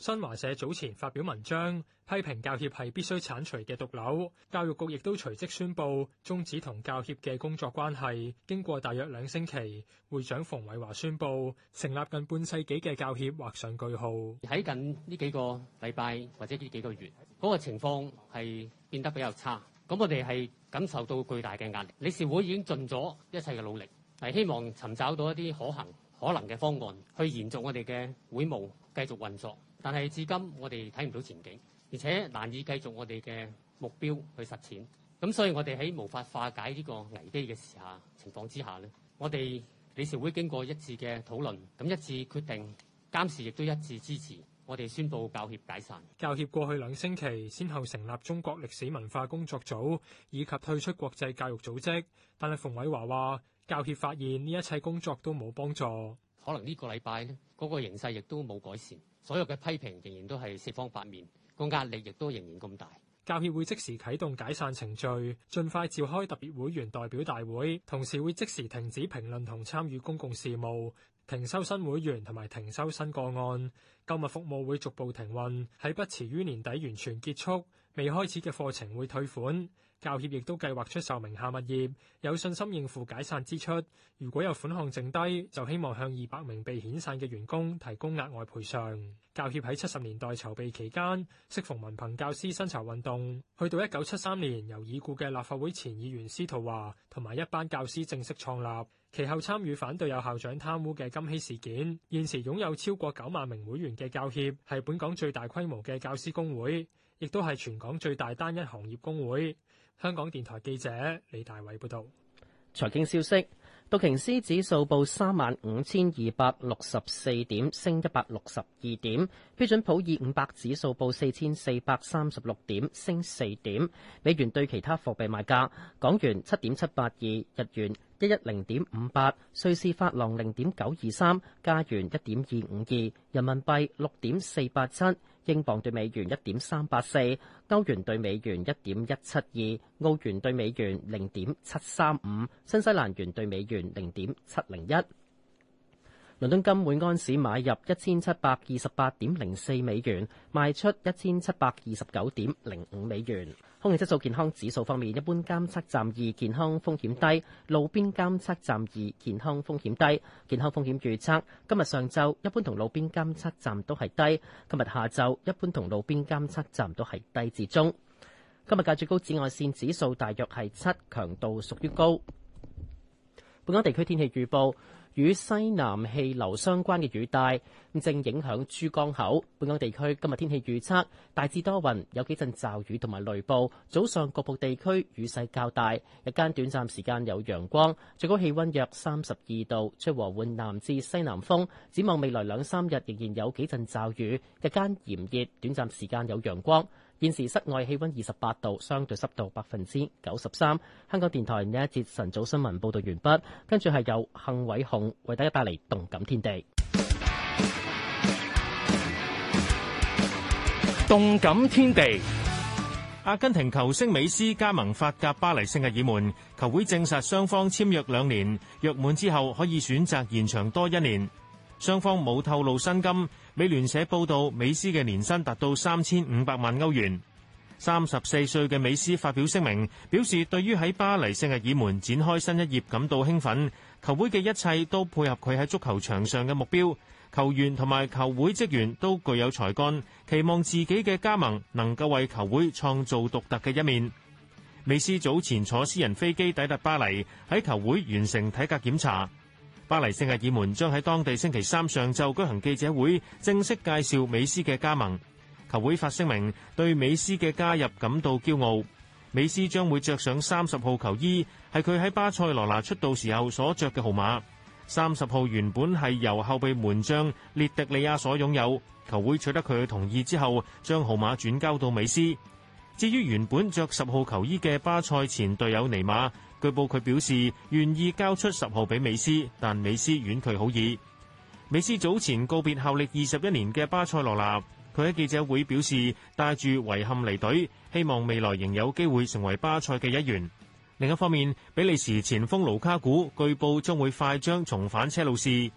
新華社早前發表文章批評教協係必須剷除嘅毒瘤，教育局亦都隨即宣布終止同教協嘅工作關係。經過大約兩星期，會長馮偉華宣布成立近半世紀嘅教協畫上句號。喺近呢幾個禮拜或者呢幾個月，嗰個情況係變得比較差，咁我哋係感受到巨大嘅壓力。理事會已經盡咗一切嘅努力，係希望尋找到一啲可行可能嘅方案，去延續我哋嘅會務，繼續運作。但係至今，我哋睇唔到前景，而且難以繼續我哋嘅目標去實踐。咁，所以我哋喺無法化解呢個危機嘅時下情況之下呢，我哋理事會經過一致嘅討論，咁一致決定監事亦都一致支持我哋宣布教協解散。教協過去兩星期先後成立中國歷史文化工作組，以及退出國際教育組織。但係馮偉華話，教協發現呢一切工作都冇幫助，可能呢個禮拜，呢嗰個形勢亦都冇改善。所有嘅批評仍然都係四方八面，個壓力亦都仍然咁大。教協會即時啟動解散程序，盡快召開特別會員代表大會，同時會即時停止評論同參與公共事務，停收新會員同埋停收新個案。購物服務會逐步停運，喺不遲於年底完全結束。未開始嘅課程會退款。教協亦都計劃出售名下物業，有信心應付解散支出。如果有款項剩低，就希望向二百名被遣散嘅員工提供額外賠償。教協喺七十年代籌備期間，適逢文憑教師薪酬運動，去到一九七三年，由已故嘅立法會前議員司徒華同埋一班教師正式創立。其後參與反對有校長貪污嘅金禧事件。現時擁有超過九萬名會員嘅教協，係本港最大規模嘅教師工會，亦都係全港最大單一行業工會。香港電台記者李大偉報道：財經消息，道瓊斯指數報三萬五千二百六十四點，升一百六十二點；標準普爾五百指數報四千四百三十六點，升四點。美元兌其他貨幣賣價：港元七點七八二，日元一一零點五八，瑞士法郎零點九二三，加元一點二五二，人民幣六點四八七。英鎊兌美元一點三八四，歐元兌美元一點一七二，澳元兌美元零點七三五，新西蘭元兌美元零點七零一。倫敦金每安士買入一千七百二十八點零四美元，賣出一千七百二十九點零五美元。空氣質素健康指數方面，一般監測站二健康風險低，路邊監測站二健康風險低。健康風險預測：今日上晝一般同路邊監測站都係低；今日下晝一般同路邊監測站都係低至中。今日嘅最高紫外綫指數大約係七，強度屬於高。本港地區天氣預報。與西南氣流相關嘅雨帶，正影響珠江口，本港地區今日天氣預測大致多雲，有幾陣驟雨同埋雷暴，早上局部地區雨勢較大，日間短暫時間有陽光，最高氣溫約三十二度，吹和緩南至西南風。展望未來兩三日仍然有幾陣驟雨，日間炎熱，短暫時間有陽光。現時室外氣溫二十八度，相對濕度百分之九十三。香港電台呢一節晨早新聞報道完畢，跟住係由幸偉紅為大家帶嚟動感天地。動感天地，天地阿根廷球星美斯加盟法甲巴黎聖日耳門，球會證實雙方簽約兩年，約滿之後可以選擇延長多一年。雙方冇透露薪金。美聯社報道，美斯嘅年薪達到三千五百萬歐元。三十四歲嘅美斯發表聲明，表示對於喺巴黎聖日耳門展開新一頁感到興奮，球會嘅一切都配合佢喺足球場上嘅目標。球員同埋球會職員都具有才幹，期望自己嘅加盟能夠為球會創造獨特嘅一面。美斯早前坐私人飛機抵達巴黎，喺球會完成體格檢查。巴黎聖日耳門將喺當地星期三上晝舉行記者會，正式介紹美斯嘅加盟。球會發聲明對美斯嘅加入感到驕傲。美斯將會着上三十號球衣，係佢喺巴塞羅那出道時候所着嘅號碼。三十號原本係由後備門將列迪利亞所擁有，球會取得佢嘅同意之後，將號碼轉交到美斯。至於原本着十號球衣嘅巴塞前隊友尼馬，據報佢表示願意交出十號俾美斯，但美斯婉拒好意。美斯早前告別效力二十一年嘅巴塞羅納，佢喺記者會表示帶住遺憾離隊，希望未來仍有機會成為巴塞嘅一員。另一方面，比利時前鋒盧卡古據報將會快將重返車路士。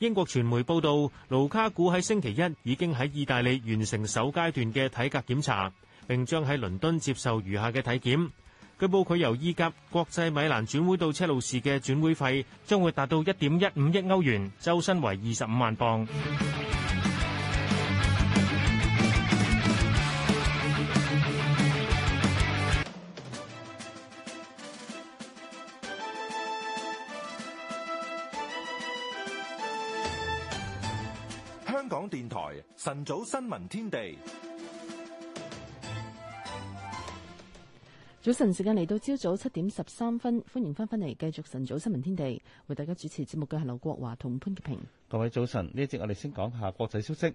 英國傳媒報道，盧卡古喺星期一已經喺意大利完成首階段嘅體格檢查。並將喺倫敦接受餘下嘅體檢。據報佢由意甲國際米蘭轉會到車路士嘅轉會費將會達到一點一五億歐元，周薪為二十五萬鎊。香港電台晨早新聞天地。早晨時間嚟到，朝早七點十三分，歡迎翻返嚟繼續晨早新聞天地，為大家主持節目嘅係劉國華同潘潔平。各位早晨，呢一節我哋先講下國際消息。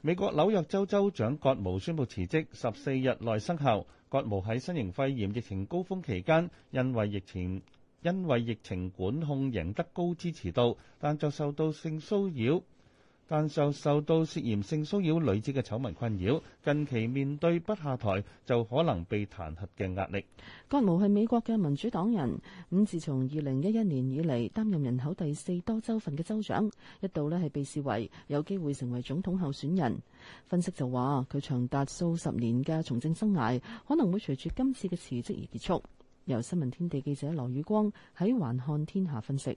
美國紐約州州長葛姆宣布辭職，十四日內生效。葛姆喺新型肺炎疫情高峰期間，因為疫情因為疫情管控贏得高支持度，但就受到性騷擾。但受受到涉嫌性騷擾女子嘅醜聞困擾，近期面對不下台就可能被彈劾嘅壓力。戈姆係美國嘅民主黨人，咁自從二零一一年以嚟擔任人口第四多州份嘅州長，一度咧係被視為有機會成為總統候選人。分析就話佢長達數十年嘅從政生涯可能會隨住今次嘅辭職而結束。由新聞天地記者羅宇光喺環看天下分析。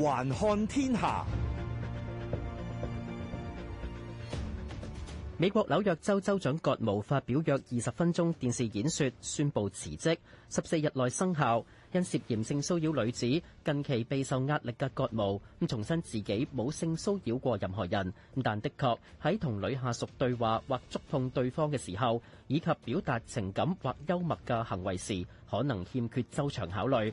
還看天下。美國紐約州州長葛毛發表約二十分鐘電視演說，宣布辭職，十四日內生效。因涉嫌性騷擾女子，近期備受壓力嘅葛毛，咁重申自己冇性騷擾過任何人。但的確喺同女下屬對話或觸碰對方嘅時候，以及表達情感或幽默嘅行為時，可能欠缺周詳考慮。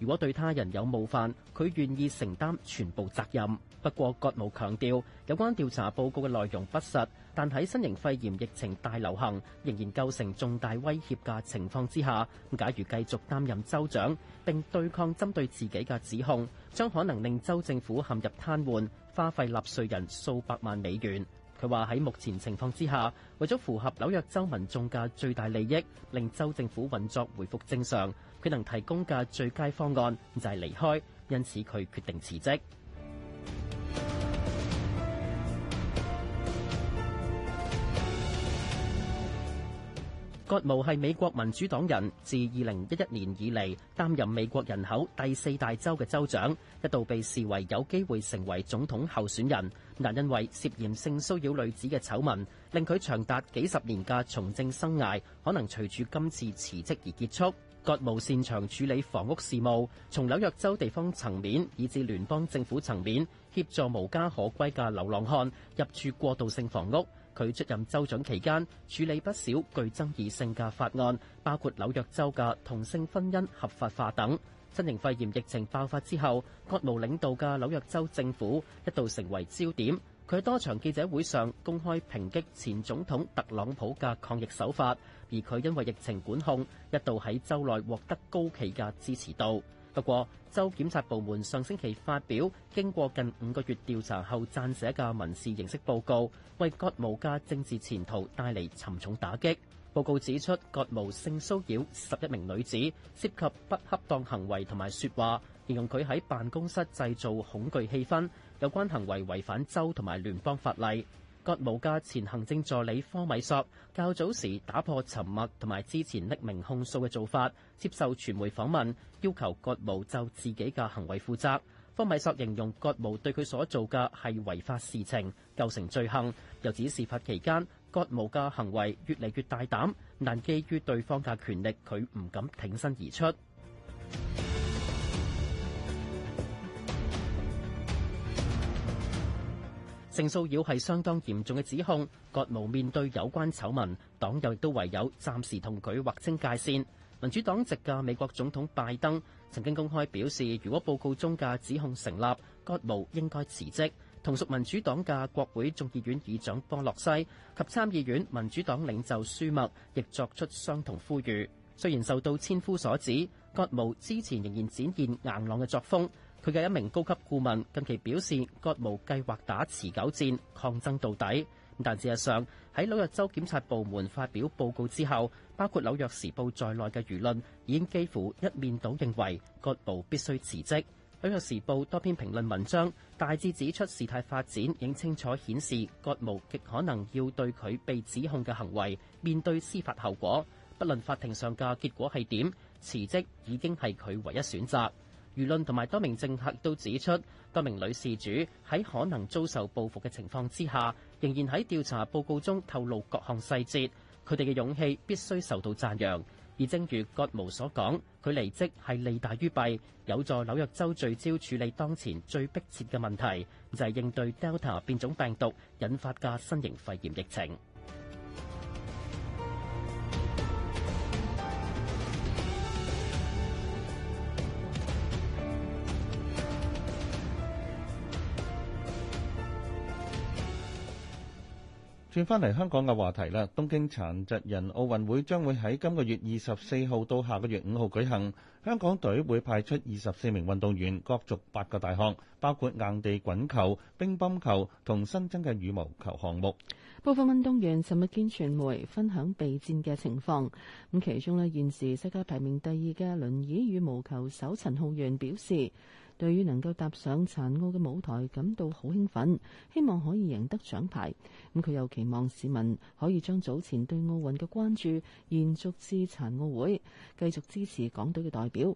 如果對他人有冒犯，佢願意承擔全部責任。不過葛務強調，葛姆強調，有關調查報告嘅內容不實，但喺新型肺炎疫情大流行仍然構成重大威脅嘅情況之下，假如繼續擔任州長並對抗針對自己嘅指控，將可能令州政府陷入癱瘓，花費納稅人數百萬美元。佢話喺目前情況之下，為咗符合紐約州民眾嘅最大利益，令州政府運作回復正常。佢能提供嘅最佳方案就係離開，因此佢決定辭職。葛毛係美國民主黨人，自二零一一年以嚟擔任美國人口第四大州嘅州長，一度被視為有機會成為總統候選人。但因為涉嫌性騷擾女子嘅醜聞，令佢長達幾十年嘅從政生涯可能隨住今次辭職而結束。葛謨擅長處理房屋事務，從紐約州地方層面以至聯邦政府層面，協助無家可歸嘅流浪漢入住過渡性房屋。佢出任州長期間，處理不少具爭議性嘅法案，包括紐約州嘅同性婚姻合法化等。新型肺炎疫情爆發之後，葛謨領導嘅紐約州政府一度成為焦點。佢喺多場記者會上公開抨擊前總統特朗普嘅抗疫手法。而佢因為疫情管控，一度喺州內獲得高企嘅支持度。不過，州檢察部門上星期發表經過近五個月調查後撰寫嘅民事形式報告，為葛謨家政治前途帶嚟沉重打擊。報告指出，葛謨性騷擾十一名女子，涉及不恰當行為同埋説話，形容佢喺辦公室製造恐懼氣氛。有關行為違反州同埋聯邦法例。葛慕家前行政助理科米索較早時打破沉默同埋之前匿名控訴嘅做法，接受傳媒訪問，要求葛慕就自己嘅行為負責。科米索形容葛慕對佢所做嘅係違法事情，構成罪行。又指事發期間，葛慕嘅行為越嚟越大膽，但基於對方嘅權力，佢唔敢挺身而出。性騷擾係相當嚴重嘅指控，葛慕面對有關醜聞，黨友亦都唯有暫時同佢劃清界線。民主黨籍嘅美國總統拜登曾經公開表示，如果報告中嘅指控成立，葛慕應該辭職。同屬民主黨嘅國會眾議院議長波洛西及參議院民主黨領袖舒默亦作出相同呼籲。雖然受到千夫所指，葛慕之前仍然展現硬朗嘅作風。佢嘅一名高級顧問近期表示，葛無計劃打持久戰，抗爭到底。但事實上，喺紐約州檢察部門發表報告之後，包括紐約時報在內嘅輿論已經幾乎一面倒認為葛無必須辭職。紐約時報多篇評論文章大致指出，事態發展已經清楚顯示葛無極可能要對佢被指控嘅行為面對司法後果，不論法庭上嘅結果係點，辭職已經係佢唯一選擇。輿論同埋多名政客都指出，多名女事主喺可能遭受報復嘅情況之下，仍然喺調查報告中透露各項細節，佢哋嘅勇氣必須受到讚揚。而正如葛謨所講，佢離職係利大於弊，有助紐約州聚焦處理當前最迫切嘅問題，就係、是、應對 Delta 變種病毒引發嘅新型肺炎疫情。轉翻嚟香港嘅話題啦！東京殘疾人奧運會將會喺今個月二十四號到下個月五號舉行，香港隊會派出二十四名運動員，角逐八個大項，包括硬地滾球、乒乓球同新增嘅羽毛球項目。部分運動員尋日見傳媒分享備戰嘅情況。咁其中呢，現時世界排名第二嘅輪椅羽毛球手陳浩源表示，對於能夠踏上殘奧嘅舞台感到好興奮，希望可以贏得獎牌。咁佢又期望市民可以將早前對奧運嘅關注延續至殘奧會，繼續支持港隊嘅代表。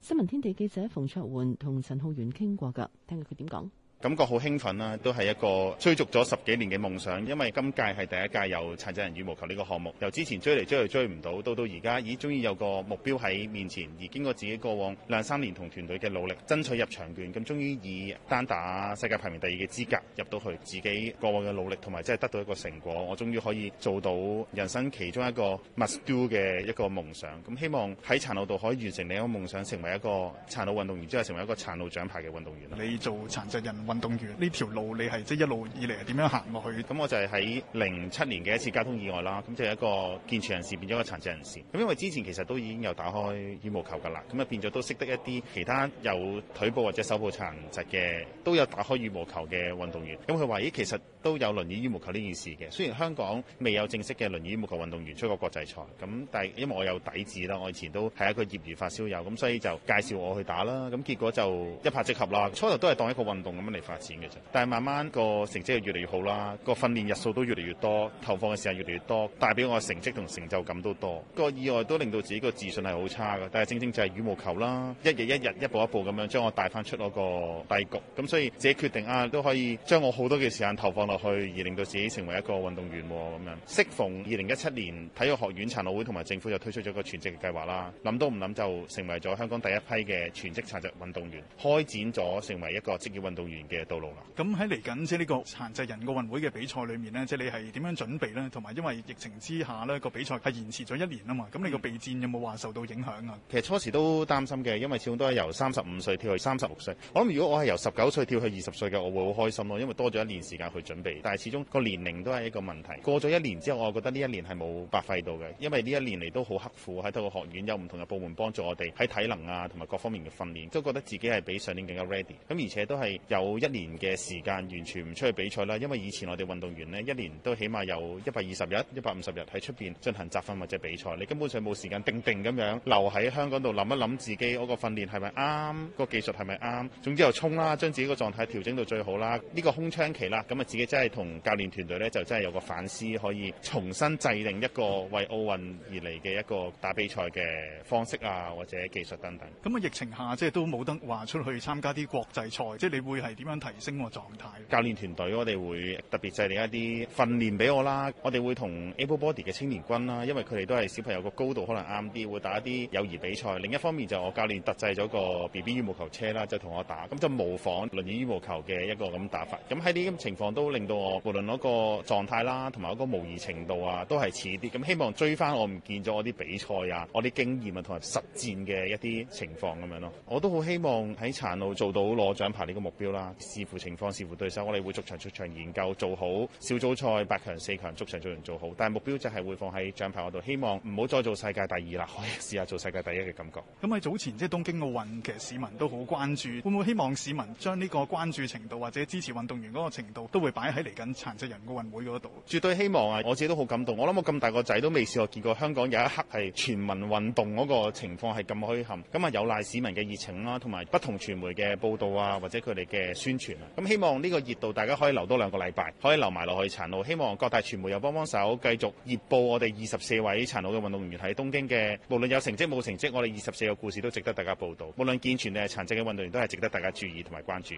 新聞天地記者馮卓煥同陳浩源傾過噶，聽佢點講。感覺好興奮啦！都係一個追逐咗十幾年嘅夢想，因為今屆係第一屆有殘疾人羽毛球呢個項目，由之前追嚟追去追唔到，到到而家已經終於有個目標喺面前，而經過自己過往兩三年同團隊嘅努力，爭取入場券，咁終於以單打世界排名第二嘅資格入到去，自己過往嘅努力同埋即係得到一個成果，我終於可以做到人生其中一個 must do 嘅一個夢想。咁希望喺殘奧度可以完成你一個夢想，成為一個殘奧運動員，之後成為一個殘奧獎牌嘅運動員啦。你做殘疾人運動員呢條路你係即係一路以嚟係點樣行落去的？咁我就係喺零七年嘅一次交通意外啦，咁就係一個健全人士變咗一個殘疾人士。咁因為之前其實都已經有打開羽毛球㗎啦，咁啊變咗都識得一啲其他有腿部或者手部殘疾嘅都有打開羽毛球嘅運動員。咁佢懷疑其實都有輪椅羽毛球呢件事嘅。雖然香港未有正式嘅輪椅羽毛球運動員出過國際賽，咁但係因為我有底子啦，我以前都係一個業餘發燒友，咁所以就介紹我去打啦。咁結果就一拍即合啦。初頭都係當一個運動咁發展嘅啫，但係慢慢個成績係越嚟越好啦，個訓練日數都越嚟越多，投放嘅時間越嚟越多，帶俾我嘅成績同成就感都多。個意外都令到自己個自信係好差嘅，但係正正就係羽毛球啦，一日一日一步一步咁樣將我帶翻出嗰個低谷。咁所以自己決定啊，都可以將我好多嘅時間投放落去，而令到自己成為一個運動員，咁樣適逢二零一七年體育學院殘奧會同埋政府又推出咗個全職嘅計劃啦，諗都唔諗就成為咗香港第一批嘅全職殘疾運動員，開展咗成為一個職業運動員嘅道路啦。咁喺嚟緊，即係呢個殘疾人奧運會嘅比賽裏面呢，即係你係點樣準備呢？同埋因為疫情之下呢，個比賽係延遲咗一年啊嘛。咁你個備戰有冇話受到影響啊？其實初時都擔心嘅，因為始終都係由三十五歲跳去三十六歲。我諗如果我係由十九歲跳去二十歲嘅，我會好開心咯，因為多咗一年時間去準備。但係始終個年齡都係一個問題。過咗一年之後，我覺得呢一年係冇白費到嘅，因為呢一年嚟都好刻苦喺度，體育學院有唔同嘅部門幫助我哋喺體能啊，同埋各方面嘅訓練，都覺得自己係比上年更加 ready。咁而且都係有。一年嘅時間完全唔出去比賽啦，因為以前我哋運動員呢，一年都起碼有一百二十日、一百五十日喺出邊進行集訓或者比賽，你根本上冇時間定定咁樣留喺香港度諗一諗自己嗰個訓練係咪啱，個技術係咪啱，總之又衝啦，將自己個狀態調整到最好啦，呢個空窗期啦，咁啊自己真係同教練團隊呢，就真係有個反思，可以重新制定一個為奧運而嚟嘅一個打比賽嘅方式啊，或者技術等等。咁啊疫情下即係都冇得話出去參加啲國際賽，即係你會係點？咁樣提升我狀態。教練團隊我哋會特別制定一啲訓練俾我啦。我哋會同 Able Body 嘅青年軍啦，因為佢哋都係小朋友個高度可能啱啲，會打一啲友誼比賽。另一方面就我教練特製咗個 B B 羽毛球車啦，就同我打，咁就模仿輪椅羽毛球嘅一個咁打法。咁喺呢啲情況都令到我無論嗰個狀態啦，同埋嗰個模擬程度啊，都係似啲。咁希望追翻我唔見咗我啲比賽啊，我啲經驗啊，同埋實戰嘅一啲情況咁樣咯。我都好希望喺殘奧做到攞獎牌呢個目標啦。視乎情況，視乎對手，我哋會逐場逐場研究做好小組賽、八強、四強，逐場逐場做好。但係目標就係會放喺獎牌嗰度，希望唔好再做世界第二啦，可以試下做世界第一嘅感覺。咁喺早前即係東京奧運，其實市民都好關注，會唔會希望市民將呢個關注程度或者支持運動員嗰個程度，都會擺喺嚟緊殘疾人奧運會嗰度？絕對希望啊！我自己都好感動。我諗我咁大個仔都未試過見過香港有一刻係全民運動嗰個情況係咁墟冚咁啊！有賴市民嘅熱情啦、啊，同埋不同傳媒嘅報導啊，或者佢哋嘅宣傳咁，希望呢個熱度大家可以留多兩個禮拜，可以留埋落去殘奧。希望各大傳媒又幫幫手，繼續熱報我哋二十四位殘奧嘅運動員喺東京嘅。無論有成績冇成績，我哋二十四個故事都值得大家報道。無論健全定係殘疾嘅運動員，都係值得大家注意同埋關注。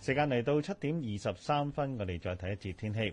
時間嚟到七點二十三分，我哋再睇一節天氣。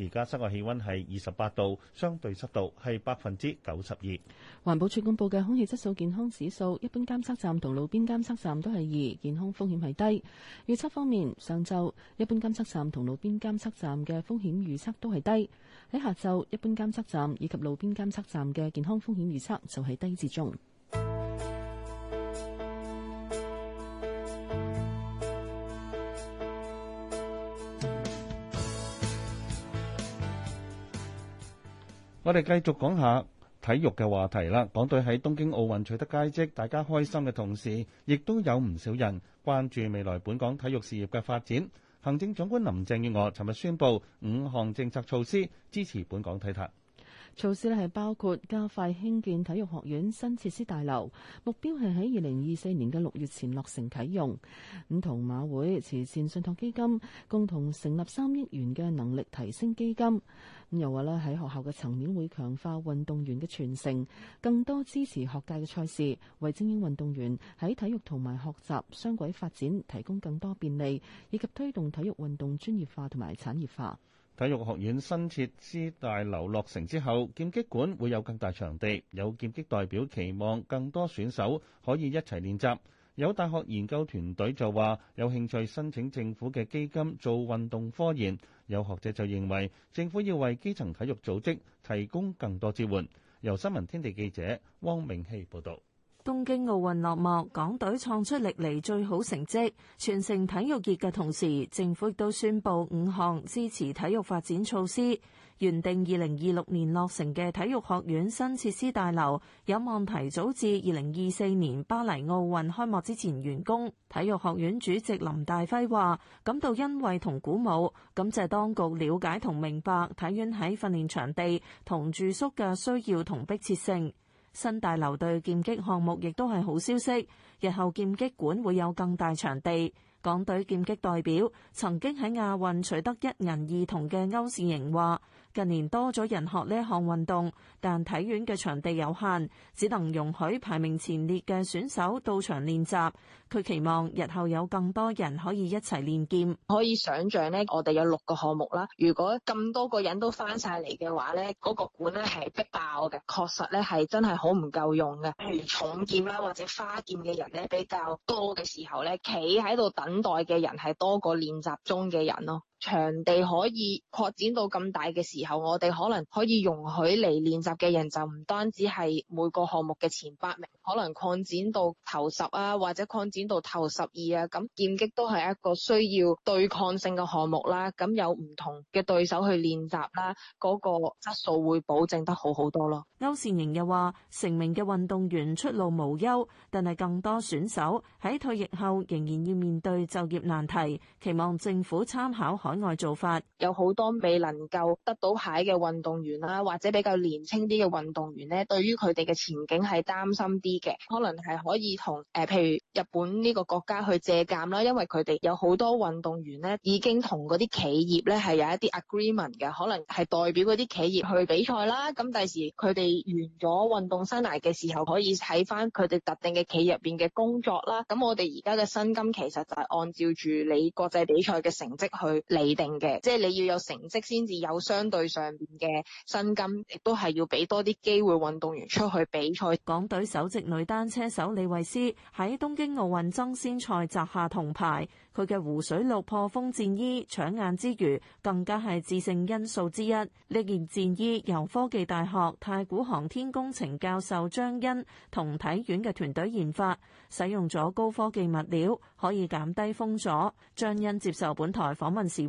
而家室外氣温係二十八度，相對濕度係百分之九十二。環保署公布嘅空氣質素健康指數，一般監測站同路邊監測站都係二，健康風險係低。預測方面，上晝一般監測站同路邊監測站嘅風險預測都係低。喺下晝一般監測站以及路邊監測站嘅健康風險預測就係低至中。我哋繼續講下體育嘅話題啦。港隊喺東京奧運取得佳績，大家開心嘅同時，亦都有唔少人關注未來本港體育事業嘅發展。行政長官林鄭月娥尋日宣布五項政策措施，支持本港體壇。措施咧，係包括加快興建體育學院新設施大樓，目標係喺二零二四年嘅六月前落成啟用。咁同馬會慈善信託基金共同成立三億元嘅能力提升基金。又話咧，喺學校嘅層面會強化運動員嘅傳承，更多支持學界嘅賽事，為精英運動員喺體育同埋學習雙軌發展提供更多便利，以及推動體育運動專業化同埋產業化。體育學院新設施大樓落成之後，劍擊館會有更大場地，有劍擊代表期望更多選手可以一齊練習。有大學研究團隊就話，有興趣申請政府嘅基金做運動科研。有學者就認為，政府要為基層體育組織提供更多支援。由新聞天地記者汪明熙報導。東京奧運落幕，港隊創出歷嚟最好成績。全城體育熱嘅同時，政府亦都宣布五項支持體育發展措施。原定二零二六年落成嘅體育學院新設施大樓，有望提早至二零二四年巴黎奧運開幕之前完工。體育學院主席林大輝話：感到欣慰同鼓舞，感謝當局了解同明白體院喺訓練場地同住宿嘅需要同迫切性。新大樓對劍擊項目亦都係好消息，日後劍擊館會有更大場地。港隊劍擊代表曾經喺亞運取得一人二銅嘅歐士瑩話。近年多咗人學呢項運動，但體院嘅場地有限，只能容許排名前列嘅選手到場練習。佢期望日後有更多人可以一齊練劍。可以想象呢，我哋有六個項目啦。如果咁多個人都翻晒嚟嘅話呢，嗰個館呢係逼爆嘅，確實呢係真係好唔夠用嘅。譬如重劍啦或者花劍嘅人呢，比較多嘅時候呢，企喺度等待嘅人係多過練習中嘅人咯。場地可以擴展到咁大嘅時候，我哋可能可以容許嚟練習嘅人就唔單止係每個項目嘅前八名，可能擴展到頭十啊，或者擴展到頭十二啊。咁劍擊都係一個需要對抗性嘅項目啦，咁有唔同嘅對手去練習啦，嗰個質素會保證得好好多咯。歐善瑩又話：成名嘅運動員出路無憂，但係更多選手喺退役後仍然要面對就業難題，期望政府參考。海外做法有好多未能夠得到牌嘅運動員啊或者比較年輕啲嘅運動員咧，對於佢哋嘅前景係擔心啲嘅，可能係可以同誒，譬如日本呢個國家去借鑒啦，因為佢哋有好多運動員咧已經同嗰啲企業咧係有一啲 agreement 嘅，可能係代表嗰啲企業去比賽啦，咁第時佢哋完咗運動生涯嘅時候，可以睇翻佢哋特定嘅企業入邊嘅工作啦。咁我哋而家嘅薪金其實就係按照住你國際比賽嘅成績去。擬定嘅，即係你要有成績先至有相對上邊嘅薪金，亦都係要俾多啲機會運動員出去比賽。港隊首席女單車手李慧詩喺東京奧運爭先賽摘下銅牌，佢嘅湖水綠破風戰衣搶眼之餘，更加係致勝因素之一。呢件戰衣由科技大學太古航天工程教授張欣同體院嘅團隊研發，使用咗高科技物料，可以減低風阻。張欣接受本台訪問時。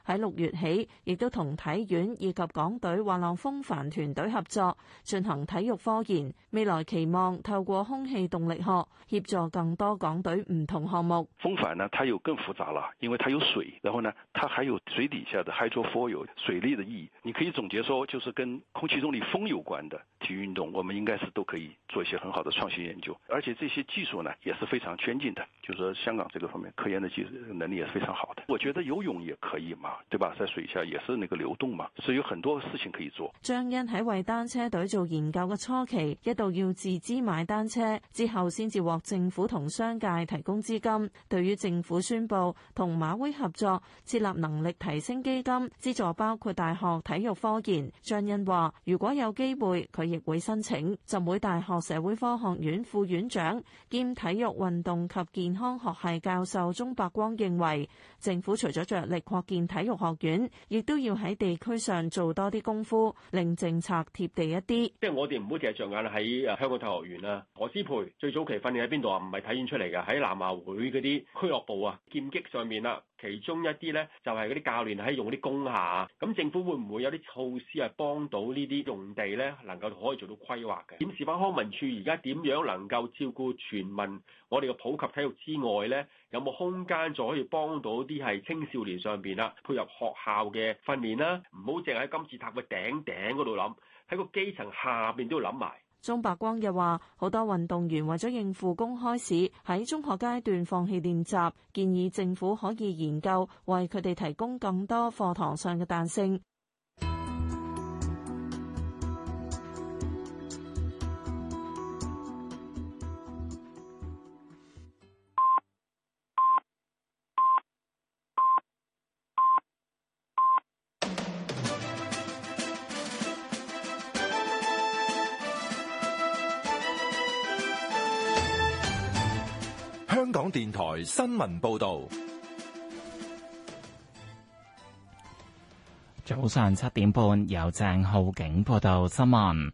喺六月起，亦都同體院以及港隊滑浪風帆團隊合作進行體育科研，未來期望透過空氣動力學協助更多港隊唔同項目。風帆呢，它有更複雜了，因為它有水，然後呢，它還有水底下的 hydrofoil 水力的意義。你可以總結說，就是跟空氣動力風有關的體育運動，我們應該是都可以做一些很好的創新研究。而且這些技術呢，也是非常先進的。就是香港這個方面科研的技術能力也是非常好的。我覺得游泳也可以嘛。對吧？在水下也是那個流動嘛，所以有很多事情可以做。張欣喺為單車隊做研究嘅初期，一度要自資買單車，之後先至獲政府同商界提供資金。對於政府宣布同馬會合作設立能力提升基金，資助包括大學體育科研，張欣話：如果有機會，佢亦會申請。浸會大學社會科學院副院長兼體育運動及健康學系教授鍾伯光認為，政府除咗着力擴建體體育學院亦都要喺地區上做多啲功夫，令政策貼地一啲。即係我哋唔好淨係着眼喺誒香港體育學院啦，何詩蓓最早期訓練喺邊度啊？唔係體院出嚟嘅，喺南華會嗰啲俱樂部啊，劍擊上面啦。其中一啲咧，就係嗰啲教練喺用啲工廈，咁政府會唔會有啲措施係幫到呢啲用地咧，能夠可以做到規劃嘅？檢視翻康文署而家點樣能夠照顧全民，我哋嘅普及體育之外咧，有冇空間就可以幫到啲係青少年上面啦，配合學校嘅訓練啦？唔好淨係喺金字塔嘅頂頂嗰度諗，喺個基層下面都要諗埋。鍾伯光又話，好多運動員為咗應付公開試，喺中學階段放棄練習，建議政府可以研究為佢哋提供更多課堂上嘅彈性。電台新聞報道：早上七點半，由鄭浩景報道新聞。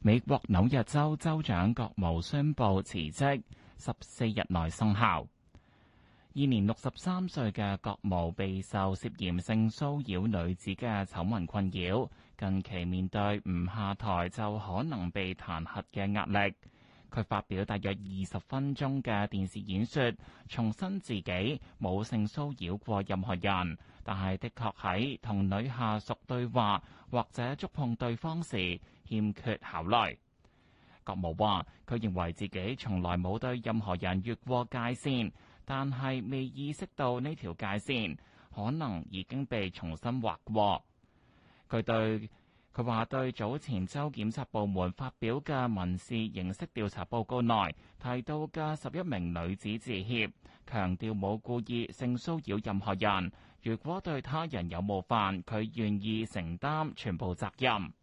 美國紐約州州長葛謨宣布辭職，十四日內生效。現年六十三歲嘅葛謨備受涉嫌性騷擾女子嘅醜聞困擾，近期面對唔下台就可能被彈劾嘅壓力。佢發表大約二十分鐘嘅電視演說，重申自己冇性騷擾過任何人，但係的確喺同女下屬對話或者觸碰對方時欠缺考慮。葛謨話：佢認為自己從來冇對任何人越過界線，但係未意識到呢條界線可能已經被重新劃過。佢對。佢話對早前州檢察部門發表嘅民事刑事調查報告內提到嘅十一名女子致歉，強調冇故意性騷擾任何人。如果對他人有冒犯，佢願意承擔全部責任。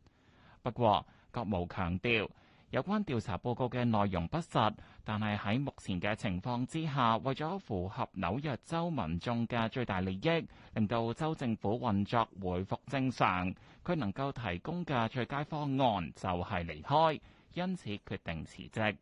不過，葛姆強調有關調查報告嘅內容不實。但係喺目前嘅情況之下，為咗符合紐約州民眾嘅最大利益，令到州政府運作回復正常，佢能夠提供嘅最佳方案就係離開，因此決定辭職。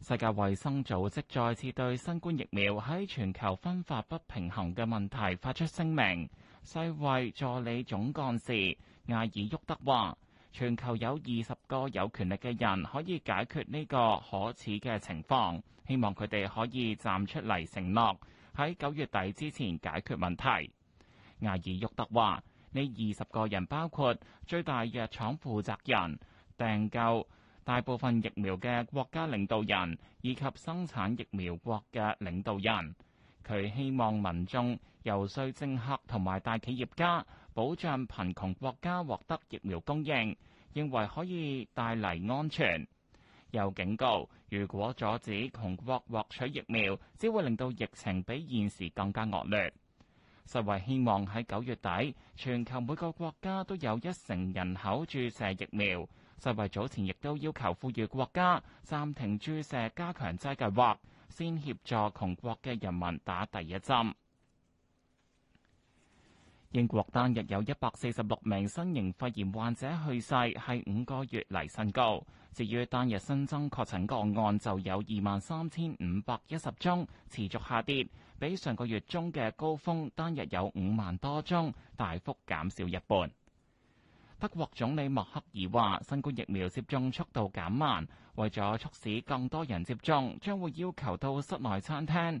世界衛生組織再次對新冠疫苗喺全球分發不平衡嘅問題發出聲明。世衛助理總幹事艾爾沃德話。全球有二十個有權力嘅人可以解決呢個可恥嘅情況，希望佢哋可以站出嚟承諾，喺九月底之前解決問題。艾爾沃特話：呢二十個人包括最大藥廠負責人、訂購大部分疫苗嘅國家領導人，以及生產疫苗國嘅領導人。佢希望民眾游說政客同埋大企業家。保障貧窮國家獲得疫苗供應，認為可以帶嚟安全。又警告，如果阻止窮國獲取疫苗，只會令到疫情比現時更加惡劣。世衛希望喺九月底，全球每個國家都有一成人口注射疫苗。世衛早前亦都要求富裕國家暫停注射加強劑計劃，先協助窮國嘅人民打第一針。英國單日有一百四十六名新型肺炎患者去世，係五個月嚟新高。至於單日新增確診個案就有二萬三千五百一十宗，持續下跌，比上個月中嘅高峰單日有五萬多宗，大幅減少一半。德國總理默克爾話，新冠疫苗接種速度減慢，為咗促使更多人接種，將會要求到室內餐廳。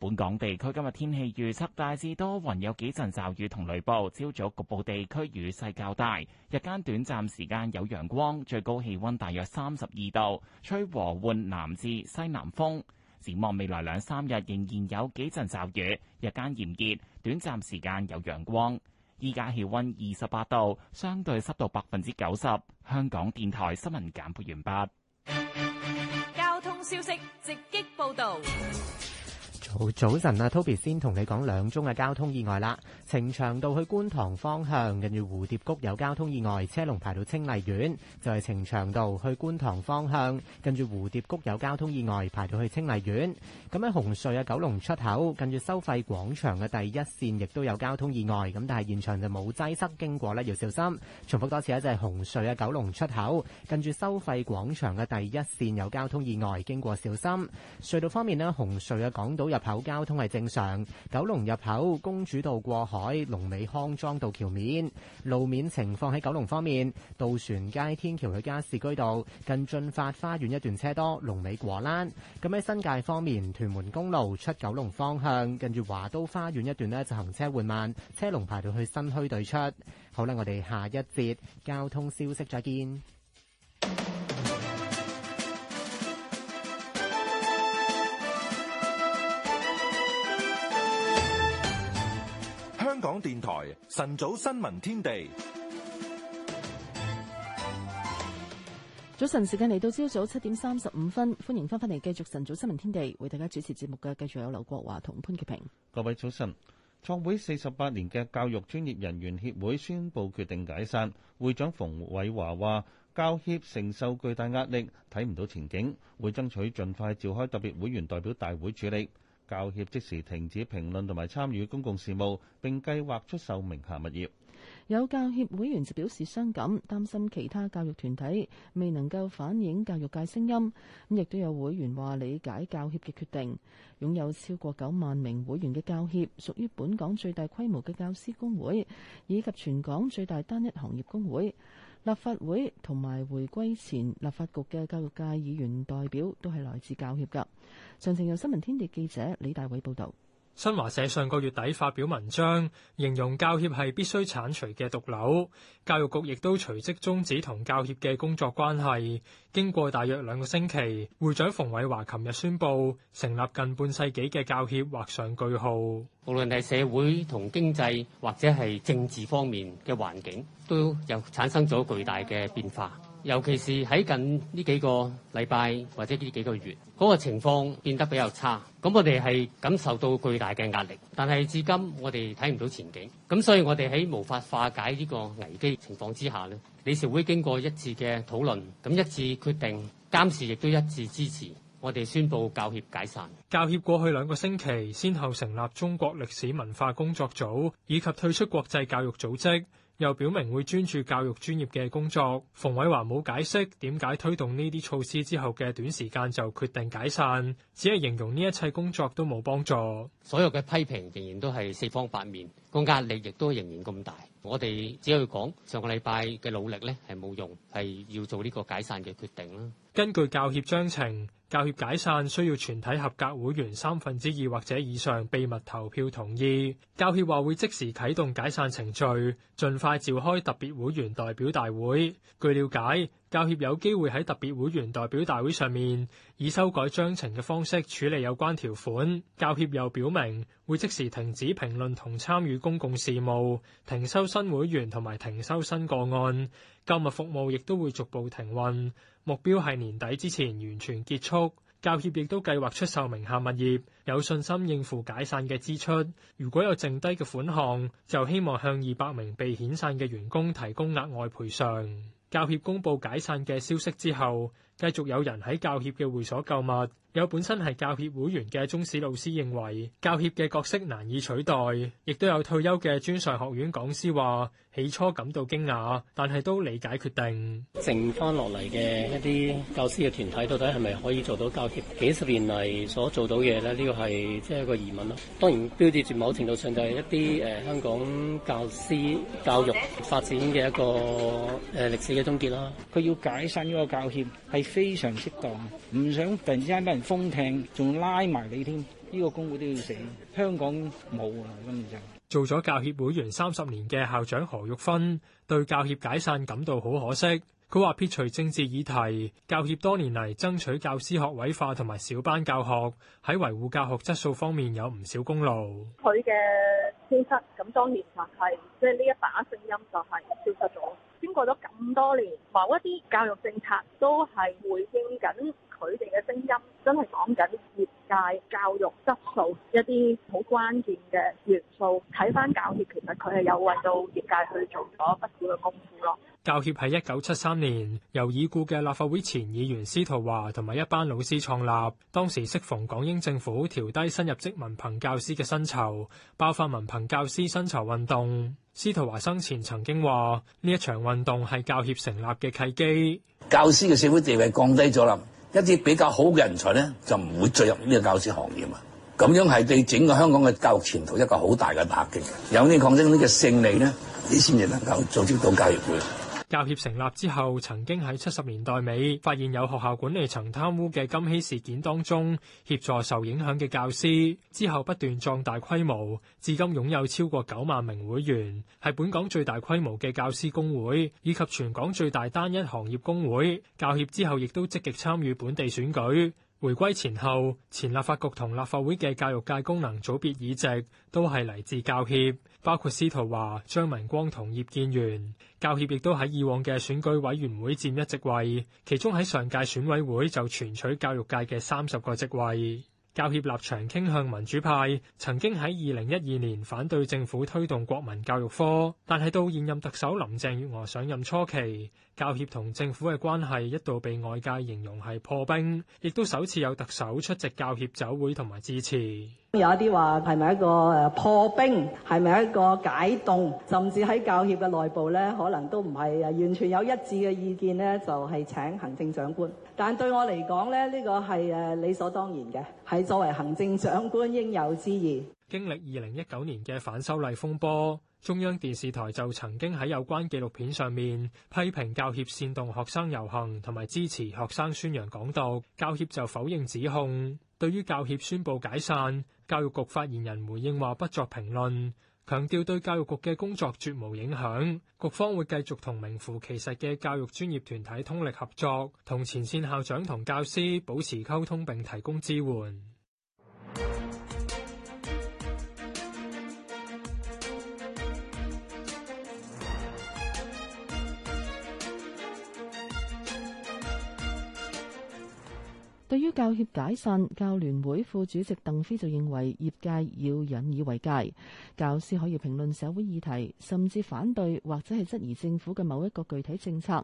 本港地區今日天氣預測，大致多雲，有幾陣驟雨同雷暴，朝早局部地區雨勢較大。日間短暫時間有陽光，最高氣溫大約三十二度，吹和緩南至西南風。展望未來兩三日仍然有幾陣驟雨，日間炎熱，短暫時間有陽光。依家氣溫二十八度，相對濕度百分之九十。香港電台新聞簡報完畢。交通消息直擊報道。好早晨啊，Toby 先同你講兩宗嘅交通意外啦。呈祥道去觀塘方向，近住蝴蝶谷有交通意外，車龍排到清麗苑，就係呈祥道去觀塘方向，近住蝴蝶谷有交通意外，排到去清麗苑。咁喺紅隧啊，九龍出口，近住收費廣場嘅第一線亦都有交通意外，咁但係現場就冇擠塞，經過呢要小心。重複多次咧，就係紅隧啊，九龍出口，近住收費廣場嘅第一線有交通意外，經過小心。隧道方面咧，紅隧啊港島有。入口交通係正常。九龍入口公主道過海，龍尾康莊道橋面路面情況。喺九龍方面，渡船街天橋去加士居道近駿發花園一段車多，龍尾果欄。咁喺新界方面，屯門公路出九龍方向近住華都花園一段呢，就行車緩慢，車龍排到去新墟對出。好啦，我哋下一節交通消息再見。香港電台晨早新聞天地，早晨時間嚟到朝早七點三十五分，歡迎翻返嚟繼續晨早新聞天地，為大家主持節目嘅，繼續有劉國華同潘潔平。各位早晨，創會四十八年嘅教育專業人員協會宣佈決定解散，會長馮偉華話教協承受巨大壓力，睇唔到前景，會爭取盡快召開特別會員代表大會處理。教協即時停止評論同埋參與公共事務，並計劃出售名下物業。有教協會員就表示傷感，擔心其他教育團體未能夠反映教育界聲音。亦都有會員話理解教協嘅決定。擁有超過九萬名會員嘅教協，屬於本港最大規模嘅教師工會，以及全港最大單一行業工會。立法會同埋回歸前立法局嘅教育界議員代表都係來自教協噶。詳情由新聞天地記者李大偉報道。新華社上個月底發表文章，形容教協係必須剷除嘅毒瘤。教育局亦都隨即終止同教協嘅工作關係。經過大約兩個星期，會長馮偉華琴日宣布成立近半世紀嘅教協劃上句號。無論係社會同經濟，或者係政治方面嘅環境，都有產生咗巨大嘅變化。尤其是喺近呢幾個禮拜或者呢幾個月，嗰個情況變得比較差。咁我哋係感受到巨大嘅壓力，但係至今我哋睇唔到前景。咁所以我哋喺無法化解呢個危機情況之下咧，理事會經過一致嘅討論，咁一致決定監事亦都一致支持我哋宣佈教協解散。教協過去兩個星期，先後成立中國歷史文化工作組以及退出國際教育組織。又表明會專注教育專業嘅工作。馮偉華冇解釋點解推動呢啲措施之後嘅短時間就決定解散，只係形容呢一切工作都冇幫助。所有嘅批評仍然都係四方八面，個壓力亦都仍然咁大。我哋只係講上個禮拜嘅努力咧係冇用，係要做呢個解散嘅決定啦。根據教協章程，教協解散需要全體合格會員三分之二或者以上秘密投票同意。教協話會即時啟動解散程序，盡快召開特別會員代表大會。據了解，教協有機會喺特別會員代表大會上面以修改章程嘅方式處理有關條款。教協又表明會即時停止評論同參與公共事務，停收新會員同埋停收新個案。購物服務亦都會逐步停運，目標係年底之前完全結束。教協亦都計劃出售名下物業，有信心應付解散嘅支出。如果有剩低嘅款項，就希望向二百名被遣散嘅員工提供額外賠償。教協公布解散嘅消息之後，繼續有人喺教協嘅會所購物。有本身係教協會員嘅中史老師認為教協嘅角色難以取代，亦都有退休嘅專上學院講師話起初感到驚訝，但係都理解決定。剩翻落嚟嘅一啲教師嘅團體到底係咪可以做到教協幾十年嚟所做到嘢咧？呢個係即係一個疑問咯。當然標誌住某程度上就係一啲誒香港教師教育發展嘅一個誒歷史嘅終結啦。佢要解散呢個教協係非常適當，唔想突然之間有人。封艇仲拉埋你添，呢、這個工會都要死。香港冇啊，根本做咗教協會員三十年嘅校長何玉芬對教協解散感到好可惜。佢話撇除政治議題，教協多年嚟爭取教師學位化同埋小班教學，喺維護教學質素方面有唔少功勞。佢嘅、就是就是、消失咁，當然就係即係呢一把聲音就係消失咗。經過咗咁多年，某一啲教育政策都係回應緊。佢哋嘅聲音真係講緊業界教育質素一啲好關鍵嘅元素。睇翻教協，其實佢係有為到業界去做咗不少嘅功夫咯。教協喺一九七三年由已故嘅立法會前議員司徒華同埋一班老師創立。當時適逢港英政府調低新入職文憑教師嘅薪酬，爆發文憑教師薪酬運動。司徒華生前曾經話：呢一場運動係教協成立嘅契機。教師嘅社會地位降低咗啦。一啲比較好嘅人才咧，就唔會進入呢個教師行業嘛。咁樣係對整個香港嘅教育前途一個好大嘅打擊。有啲抗爭呢個勝利咧，你先至能夠組織到教育會教協成立之後，曾經喺七十年代尾發現有學校管理層貪污嘅金禧事件當中協助受影響嘅教師，之後不斷壯大規模，至今擁有超過九萬名會員，係本港最大規模嘅教師工會，以及全港最大單一行業工會。教協之後亦都積極參與本地選舉，回歸前後，前立法局同立法會嘅教育界功能組別議席都係嚟自教協。包括司徒華、張文光同葉建源，教協亦都喺以往嘅選舉委員會佔一席位，其中喺上屆選委會就全取教育界嘅三十個席位。教協立場傾向民主派，曾經喺二零一二年反對政府推動國民教育科，但係到現任特首林鄭月娥上任初期，教協同政府嘅關係一度被外界形容係破冰，亦都首次有特首出席教協酒會同埋致辭。有一啲話係咪一個誒破冰，係咪一個解凍？甚至喺教協嘅內部呢，可能都唔係完全有一致嘅意見呢，就係請行政長官。但對我嚟講，呢個係誒理所當然嘅，係作為行政長官應有之義。經歷二零一九年嘅反修例風波，中央電視台就曾經喺有關紀錄片上面批評教協煽動學生遊行同埋支持學生宣揚港獨，教協就否認指控。對於教協宣布解散，教育局發言人回應話不作評論。強調對教育局嘅工作絕無影響，局方會繼續同名副其實嘅教育專業團體通力合作，同前線校長同教師保持溝通並提供支援。對於教協解散，教聯會副主席鄧飛就認為業界要引以為戒，教師可以評論社會議題，甚至反對或者係質疑政府嘅某一個具體政策。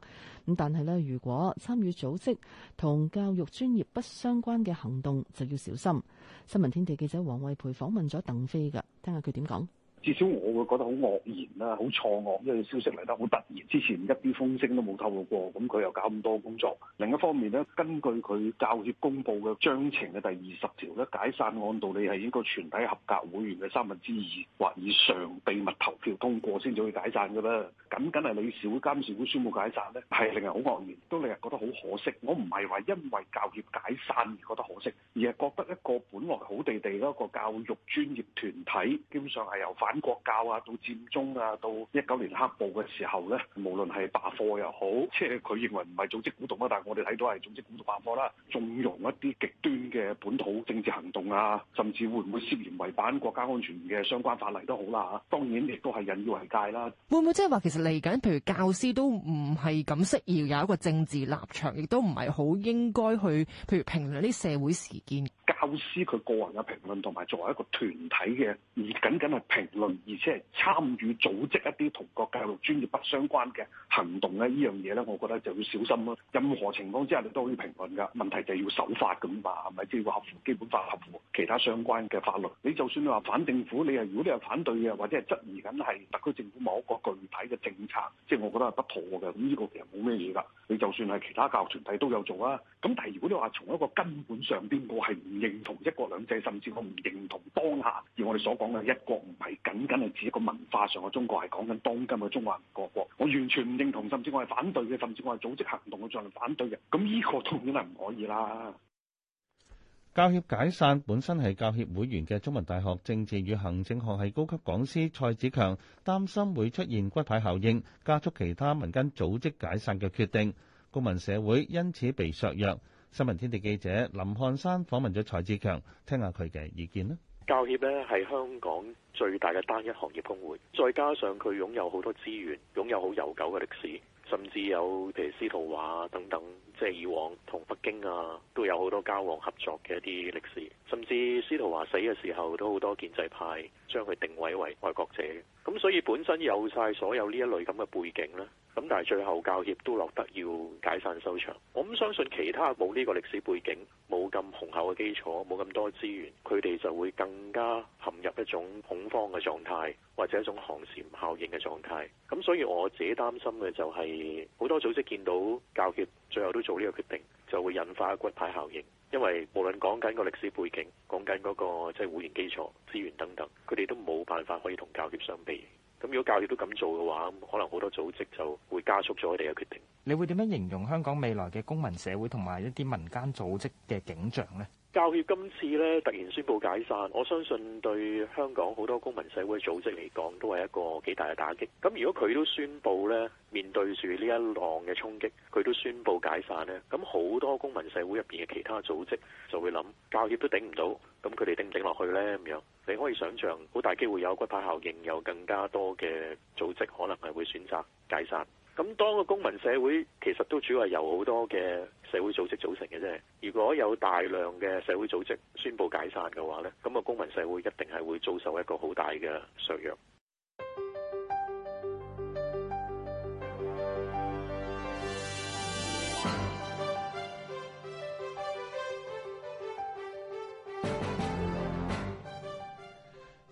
咁但係呢，如果參與組織同教育專業不相關嘅行動，就要小心。新聞天地記者黃慧培訪問咗鄧飛㗎，聽下佢點講。至少我會覺得好愕然啦，好錯愕，因為消息嚟得好突然，之前一啲風聲都冇透露過。咁佢又搞咁多工作。另一方面咧，根據佢教協公布嘅章程嘅第二十條咧，解散按道理係應該全體合格會員嘅三分之二或以上秘密投票通過先至會解散㗎啦。僅僅係理事會、監事會宣布解散咧，係令人好愕然，都令人覺得好可惜。我唔係話因為教協解散而覺得可惜，而係覺得一個本來好地地嘅一個教育專業團體，基本上係由反國教啊，到佔中啊，到一九年黑暴嘅時候咧，無論係罷課又好，即係佢認為唔係組織鼓動啊，但係我哋睇到係組織鼓動罷課啦，縱容一啲極端嘅本土政治行動啊，甚至會唔會涉嫌違反國家安全嘅相關法例都好啦、啊、吓，當然亦都係引以為戒啦。會唔會即係話其實嚟緊，譬如教師都唔係咁適宜有一個政治立場，亦都唔係好應該去，譬如評論啲社會事件。教師佢個人嘅評論同埋作為一個團體嘅，而僅僅係評論。而且係參與組織一啲同國教育專業不相關嘅行動咧，呢樣嘢咧，我覺得就要小心咯。任何情況之下你都可以評論㗎，問題就係要守法咁嘛，係咪即係合乎基本法、合乎其他相關嘅法律？你就算你話反政府，你係如果你係反對嘅，或者係質疑緊係特區政府某一個具體嘅政策，即係我覺得係不妥嘅，咁呢個其實冇咩嘢㗎。你就算係其他教育團體都有做啊，咁但係如果你話從一個根本上邊，我係唔認同一國兩制，甚至我唔認同當下而我哋所講嘅一國唔係講緊係指一個文化上嘅中國，係講緊當今嘅中華人民共和國，我完全唔認同，甚至我係反對嘅，甚至我係組織行動去進行反對嘅，咁呢個都肯定唔可以啦。教協解散本身係教協會員嘅中文大學政治與行政學系高級講師蔡子強擔心會出現骨牌效應，加速其他民間組織解散嘅決定，公民社會因此被削弱。新聞天地記者林漢山訪問咗蔡子強，聽下佢嘅意見啦。教協咧係香港最大嘅單一行業工會，再加上佢擁有好多資源，擁有好悠久嘅歷史，甚至有譬如司徒華等等，即係以往同北京啊都有好多交往合作嘅一啲歷史。甚至司徒華死嘅時候，都好多建制派將佢定位為愛國者，咁所以本身有晒所有呢一類咁嘅背景啦，咁但係最後教協都落得要解散收場，我唔相信其他冇呢個歷史背景、冇咁雄厚嘅基礎，冇咁多資源，佢哋就會更加陷入一種恐慌嘅狀態或者一種寒蟬效應嘅狀態，咁所以我自己擔心嘅就係、是、好多組織見到教協最後都做呢個決定。就會引發骨牌效應，因為無論講緊個歷史背景、講緊嗰個即係會員基礎、資源等等，佢哋都冇辦法可以同教協相比。咁如果教協都咁做嘅話，可能好多組織就會加速咗佢哋嘅決定。你會點樣形容香港未來嘅公民社會同埋一啲民間組織嘅景象咧？教協今次咧突然宣布解散，我相信對香港好多公民社會組織嚟講，都係一個幾大嘅打擊。咁如果佢都宣布咧，面對住呢一浪嘅衝擊，佢都宣布解散咧，咁好多公民社會入面嘅其他組織就會諗，教協都頂唔到，咁佢哋頂唔頂落去咧？咁樣你可以想像，好大機會有骨牌效應，有更加多嘅組織可能係會選擇解散。咁當個公民社會其實都主要係由好多嘅社會組織組成嘅啫。如果有大量嘅社會組織宣布解散嘅話呢，咁個公民社會一定係會遭受一個好大嘅削弱。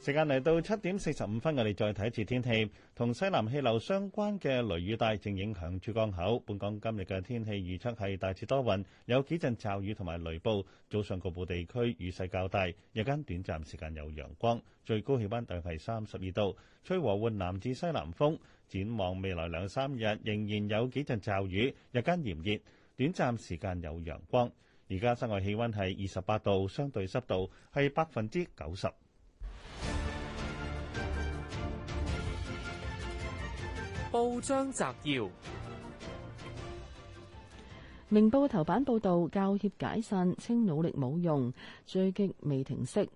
時間嚟到七點四十五分，我哋再睇一次天氣，同西南氣流相關嘅雷雨帶正影響珠江口。本港今日嘅天氣預測係大致多雲，有幾陣驟雨同埋雷暴。早上局部地區雨勢較大，日間短暫時間有陽光，最高氣温大約係三十二度，吹和緩南至西南風。展望未來兩三日，仍然有幾陣驟雨，日間炎熱，短暫時間有陽光。而家室外氣温係二十八度，相對濕度係百分之九十。報章摘要：明報頭版報道教協解散，稱努力冇用，追擊未停息。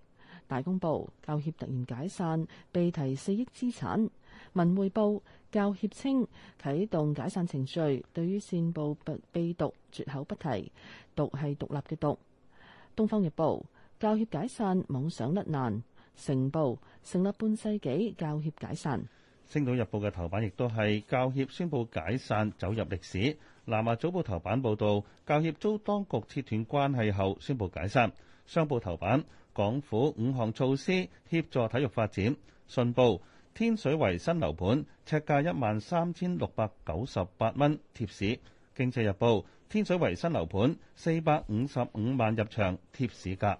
大公報教協突然解散，被提四億資產。文匯報教協稱啟動解散程序，對於線報被被獨絕口不提，獨係獨立嘅獨。東方日報教協解散，妄想甩難。成報成立半世紀，教協解散。星島日報嘅頭版亦都係教協宣布解散，走入歷史。南華早報頭版報道，教協遭當局切斷關係後宣布解散。商報頭版，港府五項措施協助體育發展。信報，天水圍新樓盤尺價一萬三千六百九十八蚊，貼市。經濟日報，天水圍新樓盤四百五十五萬入場，貼市價。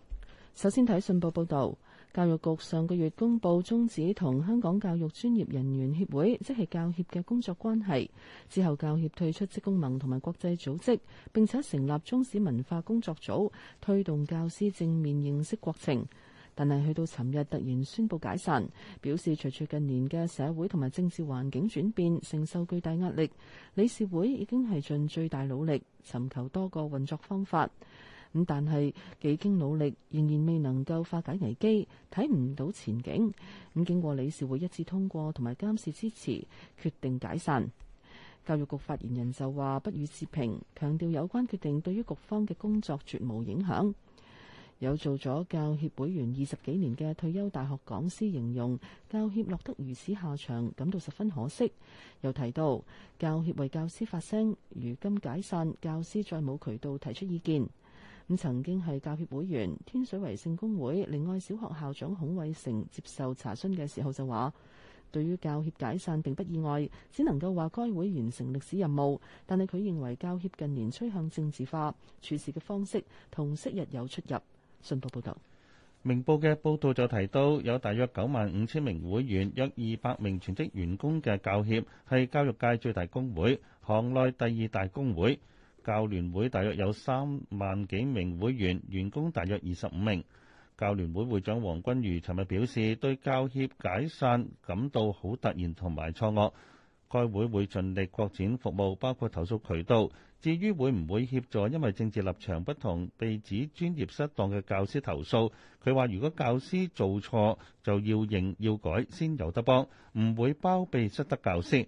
首先睇信報報道。教育局上個月公布終止同香港教育專業人員協會，即係教協嘅工作關係。之後教協退出職工盟同埋國際組織，並且成立中史文化工作組，推動教師正面認識國情。但係去到尋日突然宣布解散，表示隨住近年嘅社會同埋政治環境轉變，承受巨大壓力。理事會已經係盡最大努力尋求多個運作方法。但係幾經努力，仍然未能夠化解危機，睇唔到前景。咁經過理事會一致通過同埋監事支持，決定解散。教育局發言人就話不予置評，強調有關決定對於局方嘅工作絕無影響。有做咗教協會員二十幾年嘅退休大學講師形容教協落得如此下場，感到十分可惜。又提到教協為教師發聲，如今解散，教師再冇渠道提出意見。咁曾經係教協會員天水圍聖公會另外小學校長孔偉成接受查詢嘅時候就話：對於教協解散並不意外，只能夠話該會完成歷史任務。但係佢認為教協近年趨向政治化，處事嘅方式同昔日有出入。信報報道，明報嘅報道就提到有大約九萬五千名會員、約二百名全職員工嘅教協係教育界最大工會、行內第二大工會。教聯會大約有三萬幾名會員，員工大約二十五名。教聯會會長黃均瑜尋日表示，對教協解散感到好突然同埋錯愕。該會會盡力擴展服務，包括投訴渠道。至於會唔會協助，因為政治立場不同被指專業失當嘅教師投訴，佢話如果教師做錯就要認要改先有得幫，唔會包庇失德教師。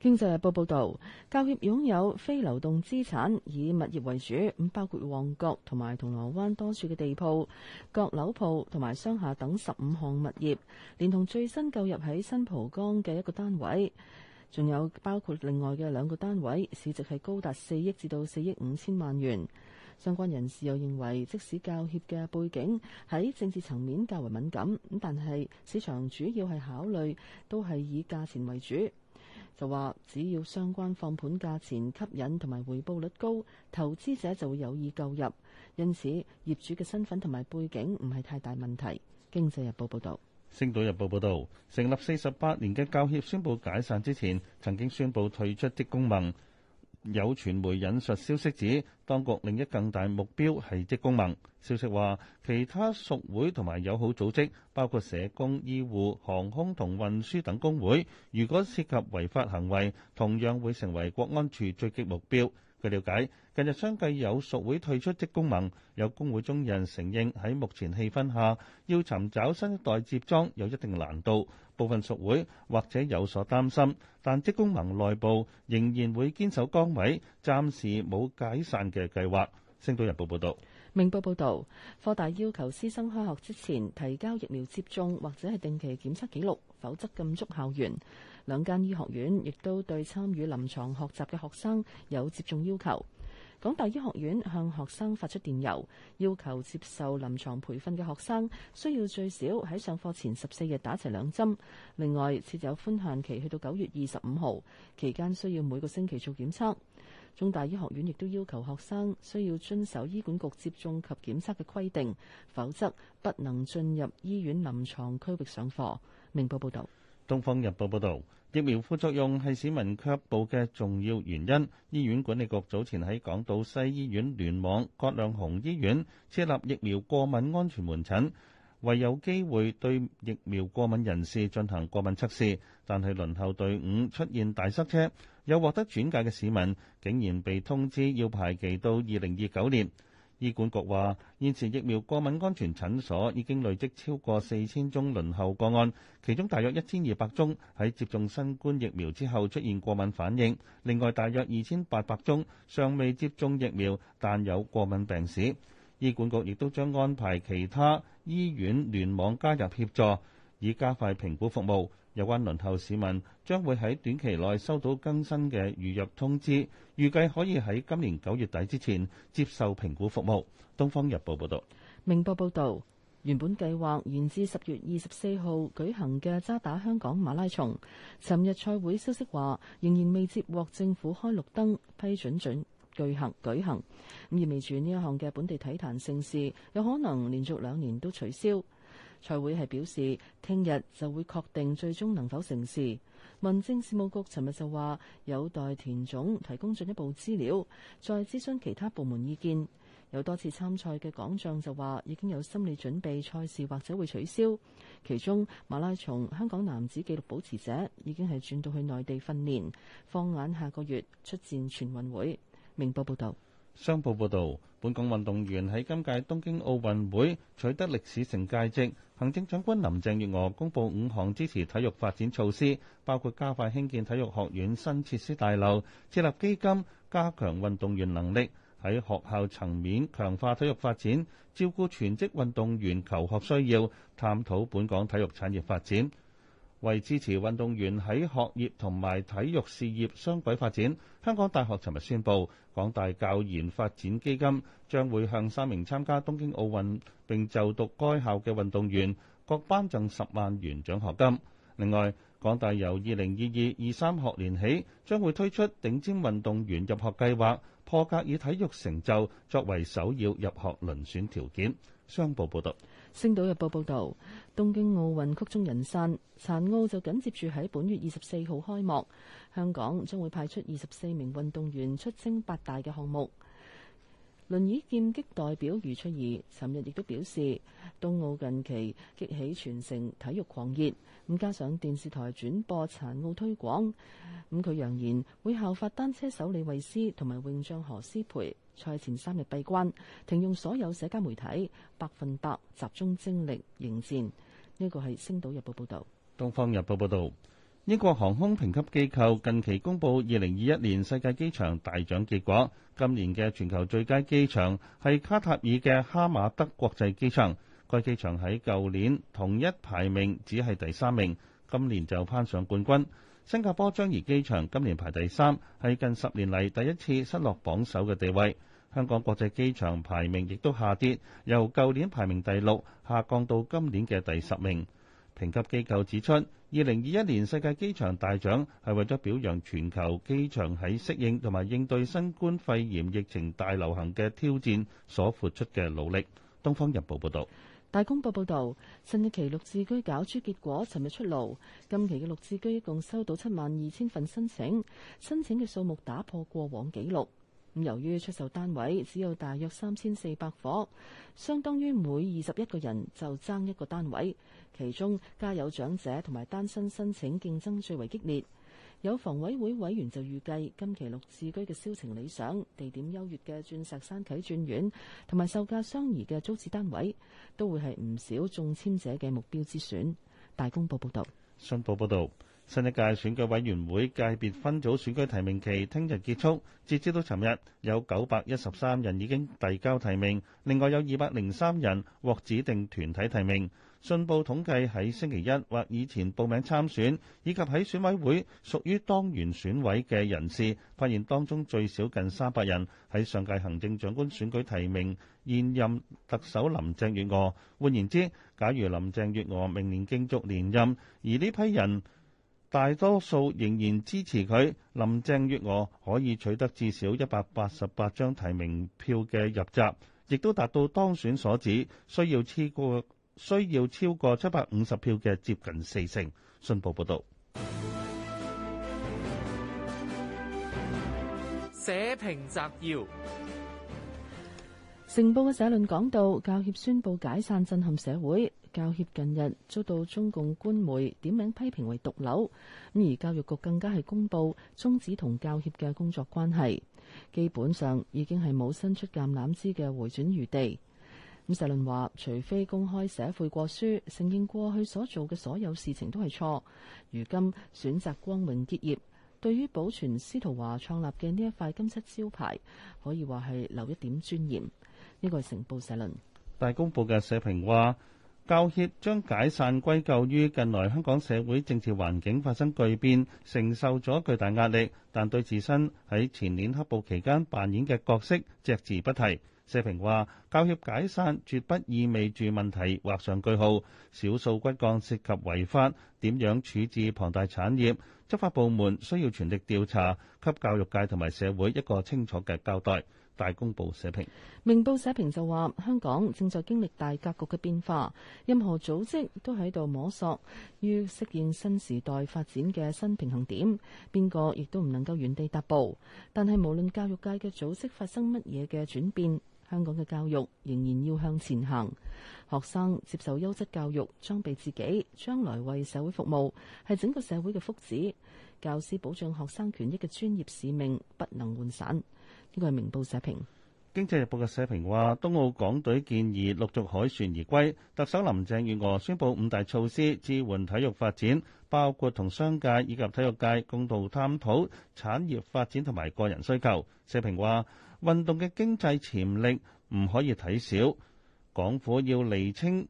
經濟日報報道，教協擁有非流動資產以物業為主，咁包括旺角同埋銅鑼灣多處嘅地鋪、閣樓鋪同埋商廈等十五項物業，連同最新購入喺新蒲崗嘅一個單位，仲有包括另外嘅兩個單位，市值係高達四億至到四億五千萬元。相關人士又認為，即使教協嘅背景喺政治層面較為敏感，咁但係市場主要係考慮都係以價錢為主。就話，只要相關放盤價錢吸引同埋回報率高，投資者就會有意購入。因此，業主嘅身份同埋背景唔係太大問題。經濟日報報道，星島日報報道，成立四十八年嘅教協宣布解散之前，曾經宣布退出職工盟。有傳媒引述消息指，當局另一更大目標係職工盟。消息話，其他屬會同埋友好組織，包括社工、醫護、航空同運輸等工會，如果涉及違法行為，同樣會成為國安處追擊目標。據了解，近日相繼有屬會退出職工盟，有工會中人承認喺目前氣氛下，要尋找新一代接莊有一定難度。部分屬會或者有所擔心，但職工盟內部仍然會堅守崗位，暫時冇解散嘅計劃。星島日報報道，明報報道，科大要求師生開學之前提交疫苗接種或者係定期檢測記錄，否則禁足校園。兩間醫學院亦都對參與臨床學習嘅學生有接種要求。港大醫學院向學生發出電郵，要求接受臨牀培訓嘅學生需要最少喺上課前十四日打齊兩針。另外，設有寬限期，去到九月二十五號期間，需要每個星期做檢測。中大醫學院亦都要求學生需要遵守醫管局接種及檢測嘅規定，否則不能進入醫院臨牀區域上課。明報報道。《東方日報》報導，疫苗副作用係市民卻步嘅重要原因。醫院管理局早前喺港島西醫院聯網葛量洪醫院設立疫苗過敏安全門診，為有機會對疫苗過敏人士進行過敏測試，但係輪候隊伍出現大塞車，有獲得轉介嘅市民竟然被通知要排期到二零二九年。醫管局話：現時疫苗過敏安全診所已經累積超過四千宗輪候個案，其中大約一千二百宗喺接種新冠疫苗之後出現過敏反應，另外大約二千八百宗尚未接種疫苗但有過敏病史。醫管局亦都將安排其他醫院聯網加入協助，以加快評估服務。有關輪候市民將會喺短期內收到更新嘅預約通知，預計可以喺今年九月底之前接受評估服務。《東方日報》報道。《明報》報道，原本計劃延至十月二十四號舉行嘅渣打香港馬拉松，尋日賽會消息話，仍然未接獲政府開綠燈批准准舉行舉行，咁意味住呢一項嘅本地體壇盛事有可能連續兩年都取消。賽會係表示，聽日就會確定最終能否成事。民政事務局尋日就話，有待田總提供進一步資料，再諮詢其他部門意見。有多次參賽嘅港將就話，已經有心理準備，賽事或者會取消。其中馬拉松香港男子紀錄保持者已經係轉到去內地訓練，放眼下個月出戰全運會。明報報道。商報報道，本港運動員喺今屆東京奧運會取得歷史性佳績。行政長官林鄭月娥公布五項支持體育發展措施，包括加快興建體育學院新設施大樓、設立基金、加強運動員能力、喺學校層面強化體育發展、照顧全職運動員求學需要、探討本港體育產業發展。為支持運動員喺學業同埋體育事業雙軌發展，香港大學尋日宣布，港大教研發展基金將會向三名參加東京奧運並就讀該校嘅運動員各頒贈十萬元獎學金。另外，港大由二零二二二三學年起將會推出頂尖運動員入學計劃，破格以體育成就作為首要入學遴選條件。商報報道。星島日報報道，東京奧運曲終人散，殘奧就緊接住喺本月二十四號開幕。香港將會派出二十四名運動員出征八大嘅項目。輪椅劍擊代表余翠怡，尋日亦都表示，東奧近期激起全城體育狂熱，咁加上電視台轉播殘奧推廣，咁佢揚言會效法單車手李慧詩同埋泳將何詩蓓，賽前三日閉關，停用所有社交媒體，百分百集中精力迎戰。呢個係《星島日報》報道，《東方日報》報道。英國航空評級機構近期公布2021年世界機場大獎結果，今年嘅全球最佳機場係卡塔爾嘅哈馬德國際機場，該機場喺舊年同一排名只係第三名，今年就攀上冠軍。新加坡樟宜機場今年排第三，係近十年嚟第一次失落榜首嘅地位。香港國際機場排名亦都下跌，由舊年排名第六下降到今年嘅第十名。評級機構指出，二零二一年世界機場大獎係為咗表揚全球機場喺適應同埋應對新冠肺炎疫情大流行嘅挑戰所付出嘅努力。《東方日報》報道，《大公報》報道，新一期綠置居攪珠結果尋日出爐，今期嘅綠置居一共收到七萬二千份申請，申請嘅數目打破過往紀錄。由於出售單位只有大約三千四百伙，相當於每二十一個人就爭一個單位。其中家有長者同埋單身申請競爭最為激烈。有房委會委員就預計，今期綠置居嘅銷情理想，地點優越嘅鑽石山啟鑽苑同埋售價相宜嘅租置單位，都會係唔少中簽者嘅目標之選。大公報報道，信報報道，新一屆選舉委員會界別分組選舉提名期聽日結束，截至到尋日，有九百一十三人已經遞交提名，另外有二百零三人獲指定團體提名。信報統計喺星期一或以前報名參選，以及喺選委會屬於當然選委嘅人士，發現當中最少近三百人喺上屆行政長官選舉提名現任特首林鄭月娥。換言之，假如林鄭月娥明年競逐連任，而呢批人大多數仍然支持佢，林鄭月娥可以取得至少一百八十八張提名票嘅入閘，亦都達到當選所指需要超過。需要超過七百五十票嘅，接近四成。信報報道。社評摘要，成報嘅社論講到，教協宣布解散，震撼社會。教協近日遭到中共官媒點名批評為毒瘤，咁而教育局更加係公布終止同教協嘅工作關係，基本上已經係冇伸出橄欖枝嘅回轉餘地。社論話，除非公開寫悔過書，承認過去所做嘅所有事情都係錯，如今選擇光榮結業，對於保存司徒華創立嘅呢一塊金漆招牌，可以話係留一點尊嚴。呢個係成報社論。大公報嘅社評話，教協將解散歸咎於近來香港社會政治環境發生巨變，承受咗巨大壓力，但對自身喺前年黑暴期間扮演嘅角色隻字不提。社評話：教協解散絕不意味住問題畫上句號。少數骨幹涉及違法，點樣處置龐大產業？執法部門需要全力調查，給教育界同埋社會一個清楚嘅交代。大公報社評，明報社評就話：香港正在經歷大格局嘅變化，任何組織都喺度摸索，要適應新時代發展嘅新平衡點。邊個亦都唔能夠原地踏步。但係無論教育界嘅組織發生乜嘢嘅轉變，香港嘅教育仍然要向前行，學生接受優質教育，裝備自己，將來為社會服務，係整個社會嘅福祉。教師保障學生權益嘅專業使命不能渙散。呢個係明報社評。經濟日報嘅社評話，東澳港隊建議陸續凱旋而歸，特首林鄭月娥宣布五大措施支援體育發展，包括同商界以及體育界共同探討產業發展同埋個人需求。社評話。運動嘅經濟潛力唔可以睇小，港府要厘清，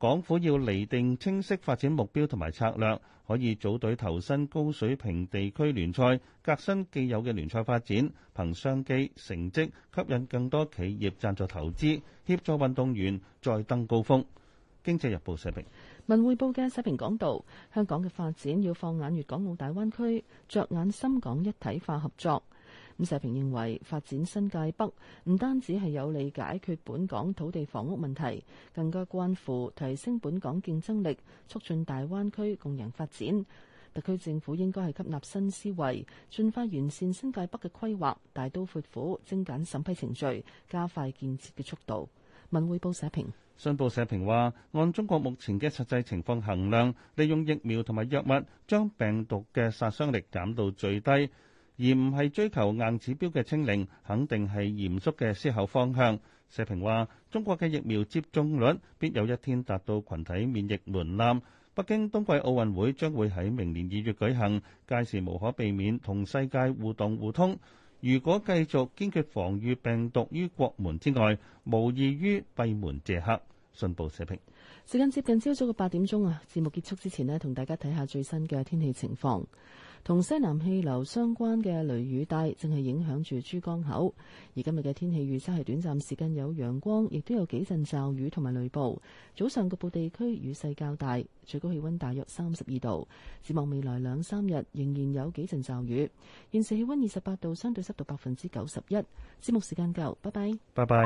港府要厘定清晰發展目標同埋策略，可以組隊投身高水平地區聯賽，革新既有嘅聯賽發展，憑商機成績吸引更多企業贊助投資，協助運動員再登高峰。經濟日報社評。文匯報嘅社評講道：香港嘅發展要放眼粵港澳大灣區，着眼深港一體化合作。咁社評認為，發展新界北唔單止係有利解決本港土地房屋問題，更加關乎提升本港競爭力，促進大灣區共贏發展。特區政府應該係吸納新思維，盡快完善新界北嘅規劃，大刀闊斧精簡審批程序，加快建設嘅速度。文匯報社評，信報社評話，按中國目前嘅實際情況衡量，利用疫苗同埋藥物將病毒嘅殺傷力減到最低。而唔係追求硬指標嘅清零，肯定係嚴肅嘅思考方向。社評話：中國嘅疫苗接種率必有一天達到羣體免疫門檻。北京冬季奧運會將會喺明年二月舉行，屆時無可避免同世界互動互通。如果繼續堅決防禦病毒於國門之外，無異於閉門謝客。信報社評。時間接近朝早嘅八點鐘啊，節目結束之前呢，同大家睇下最新嘅天氣情況。同西南氣流相關嘅雷雨帶正係影響住珠江口。而今日嘅天氣預測係短暫時間有陽光，亦都有幾陣驟雨同埋雷暴。早上局部地區雨勢較大，最高氣溫大約三十二度。展望未來兩三日仍然有幾陣驟雨。現時氣溫二十八度，相對濕度百分之九十一。節目時間夠，拜拜。拜拜。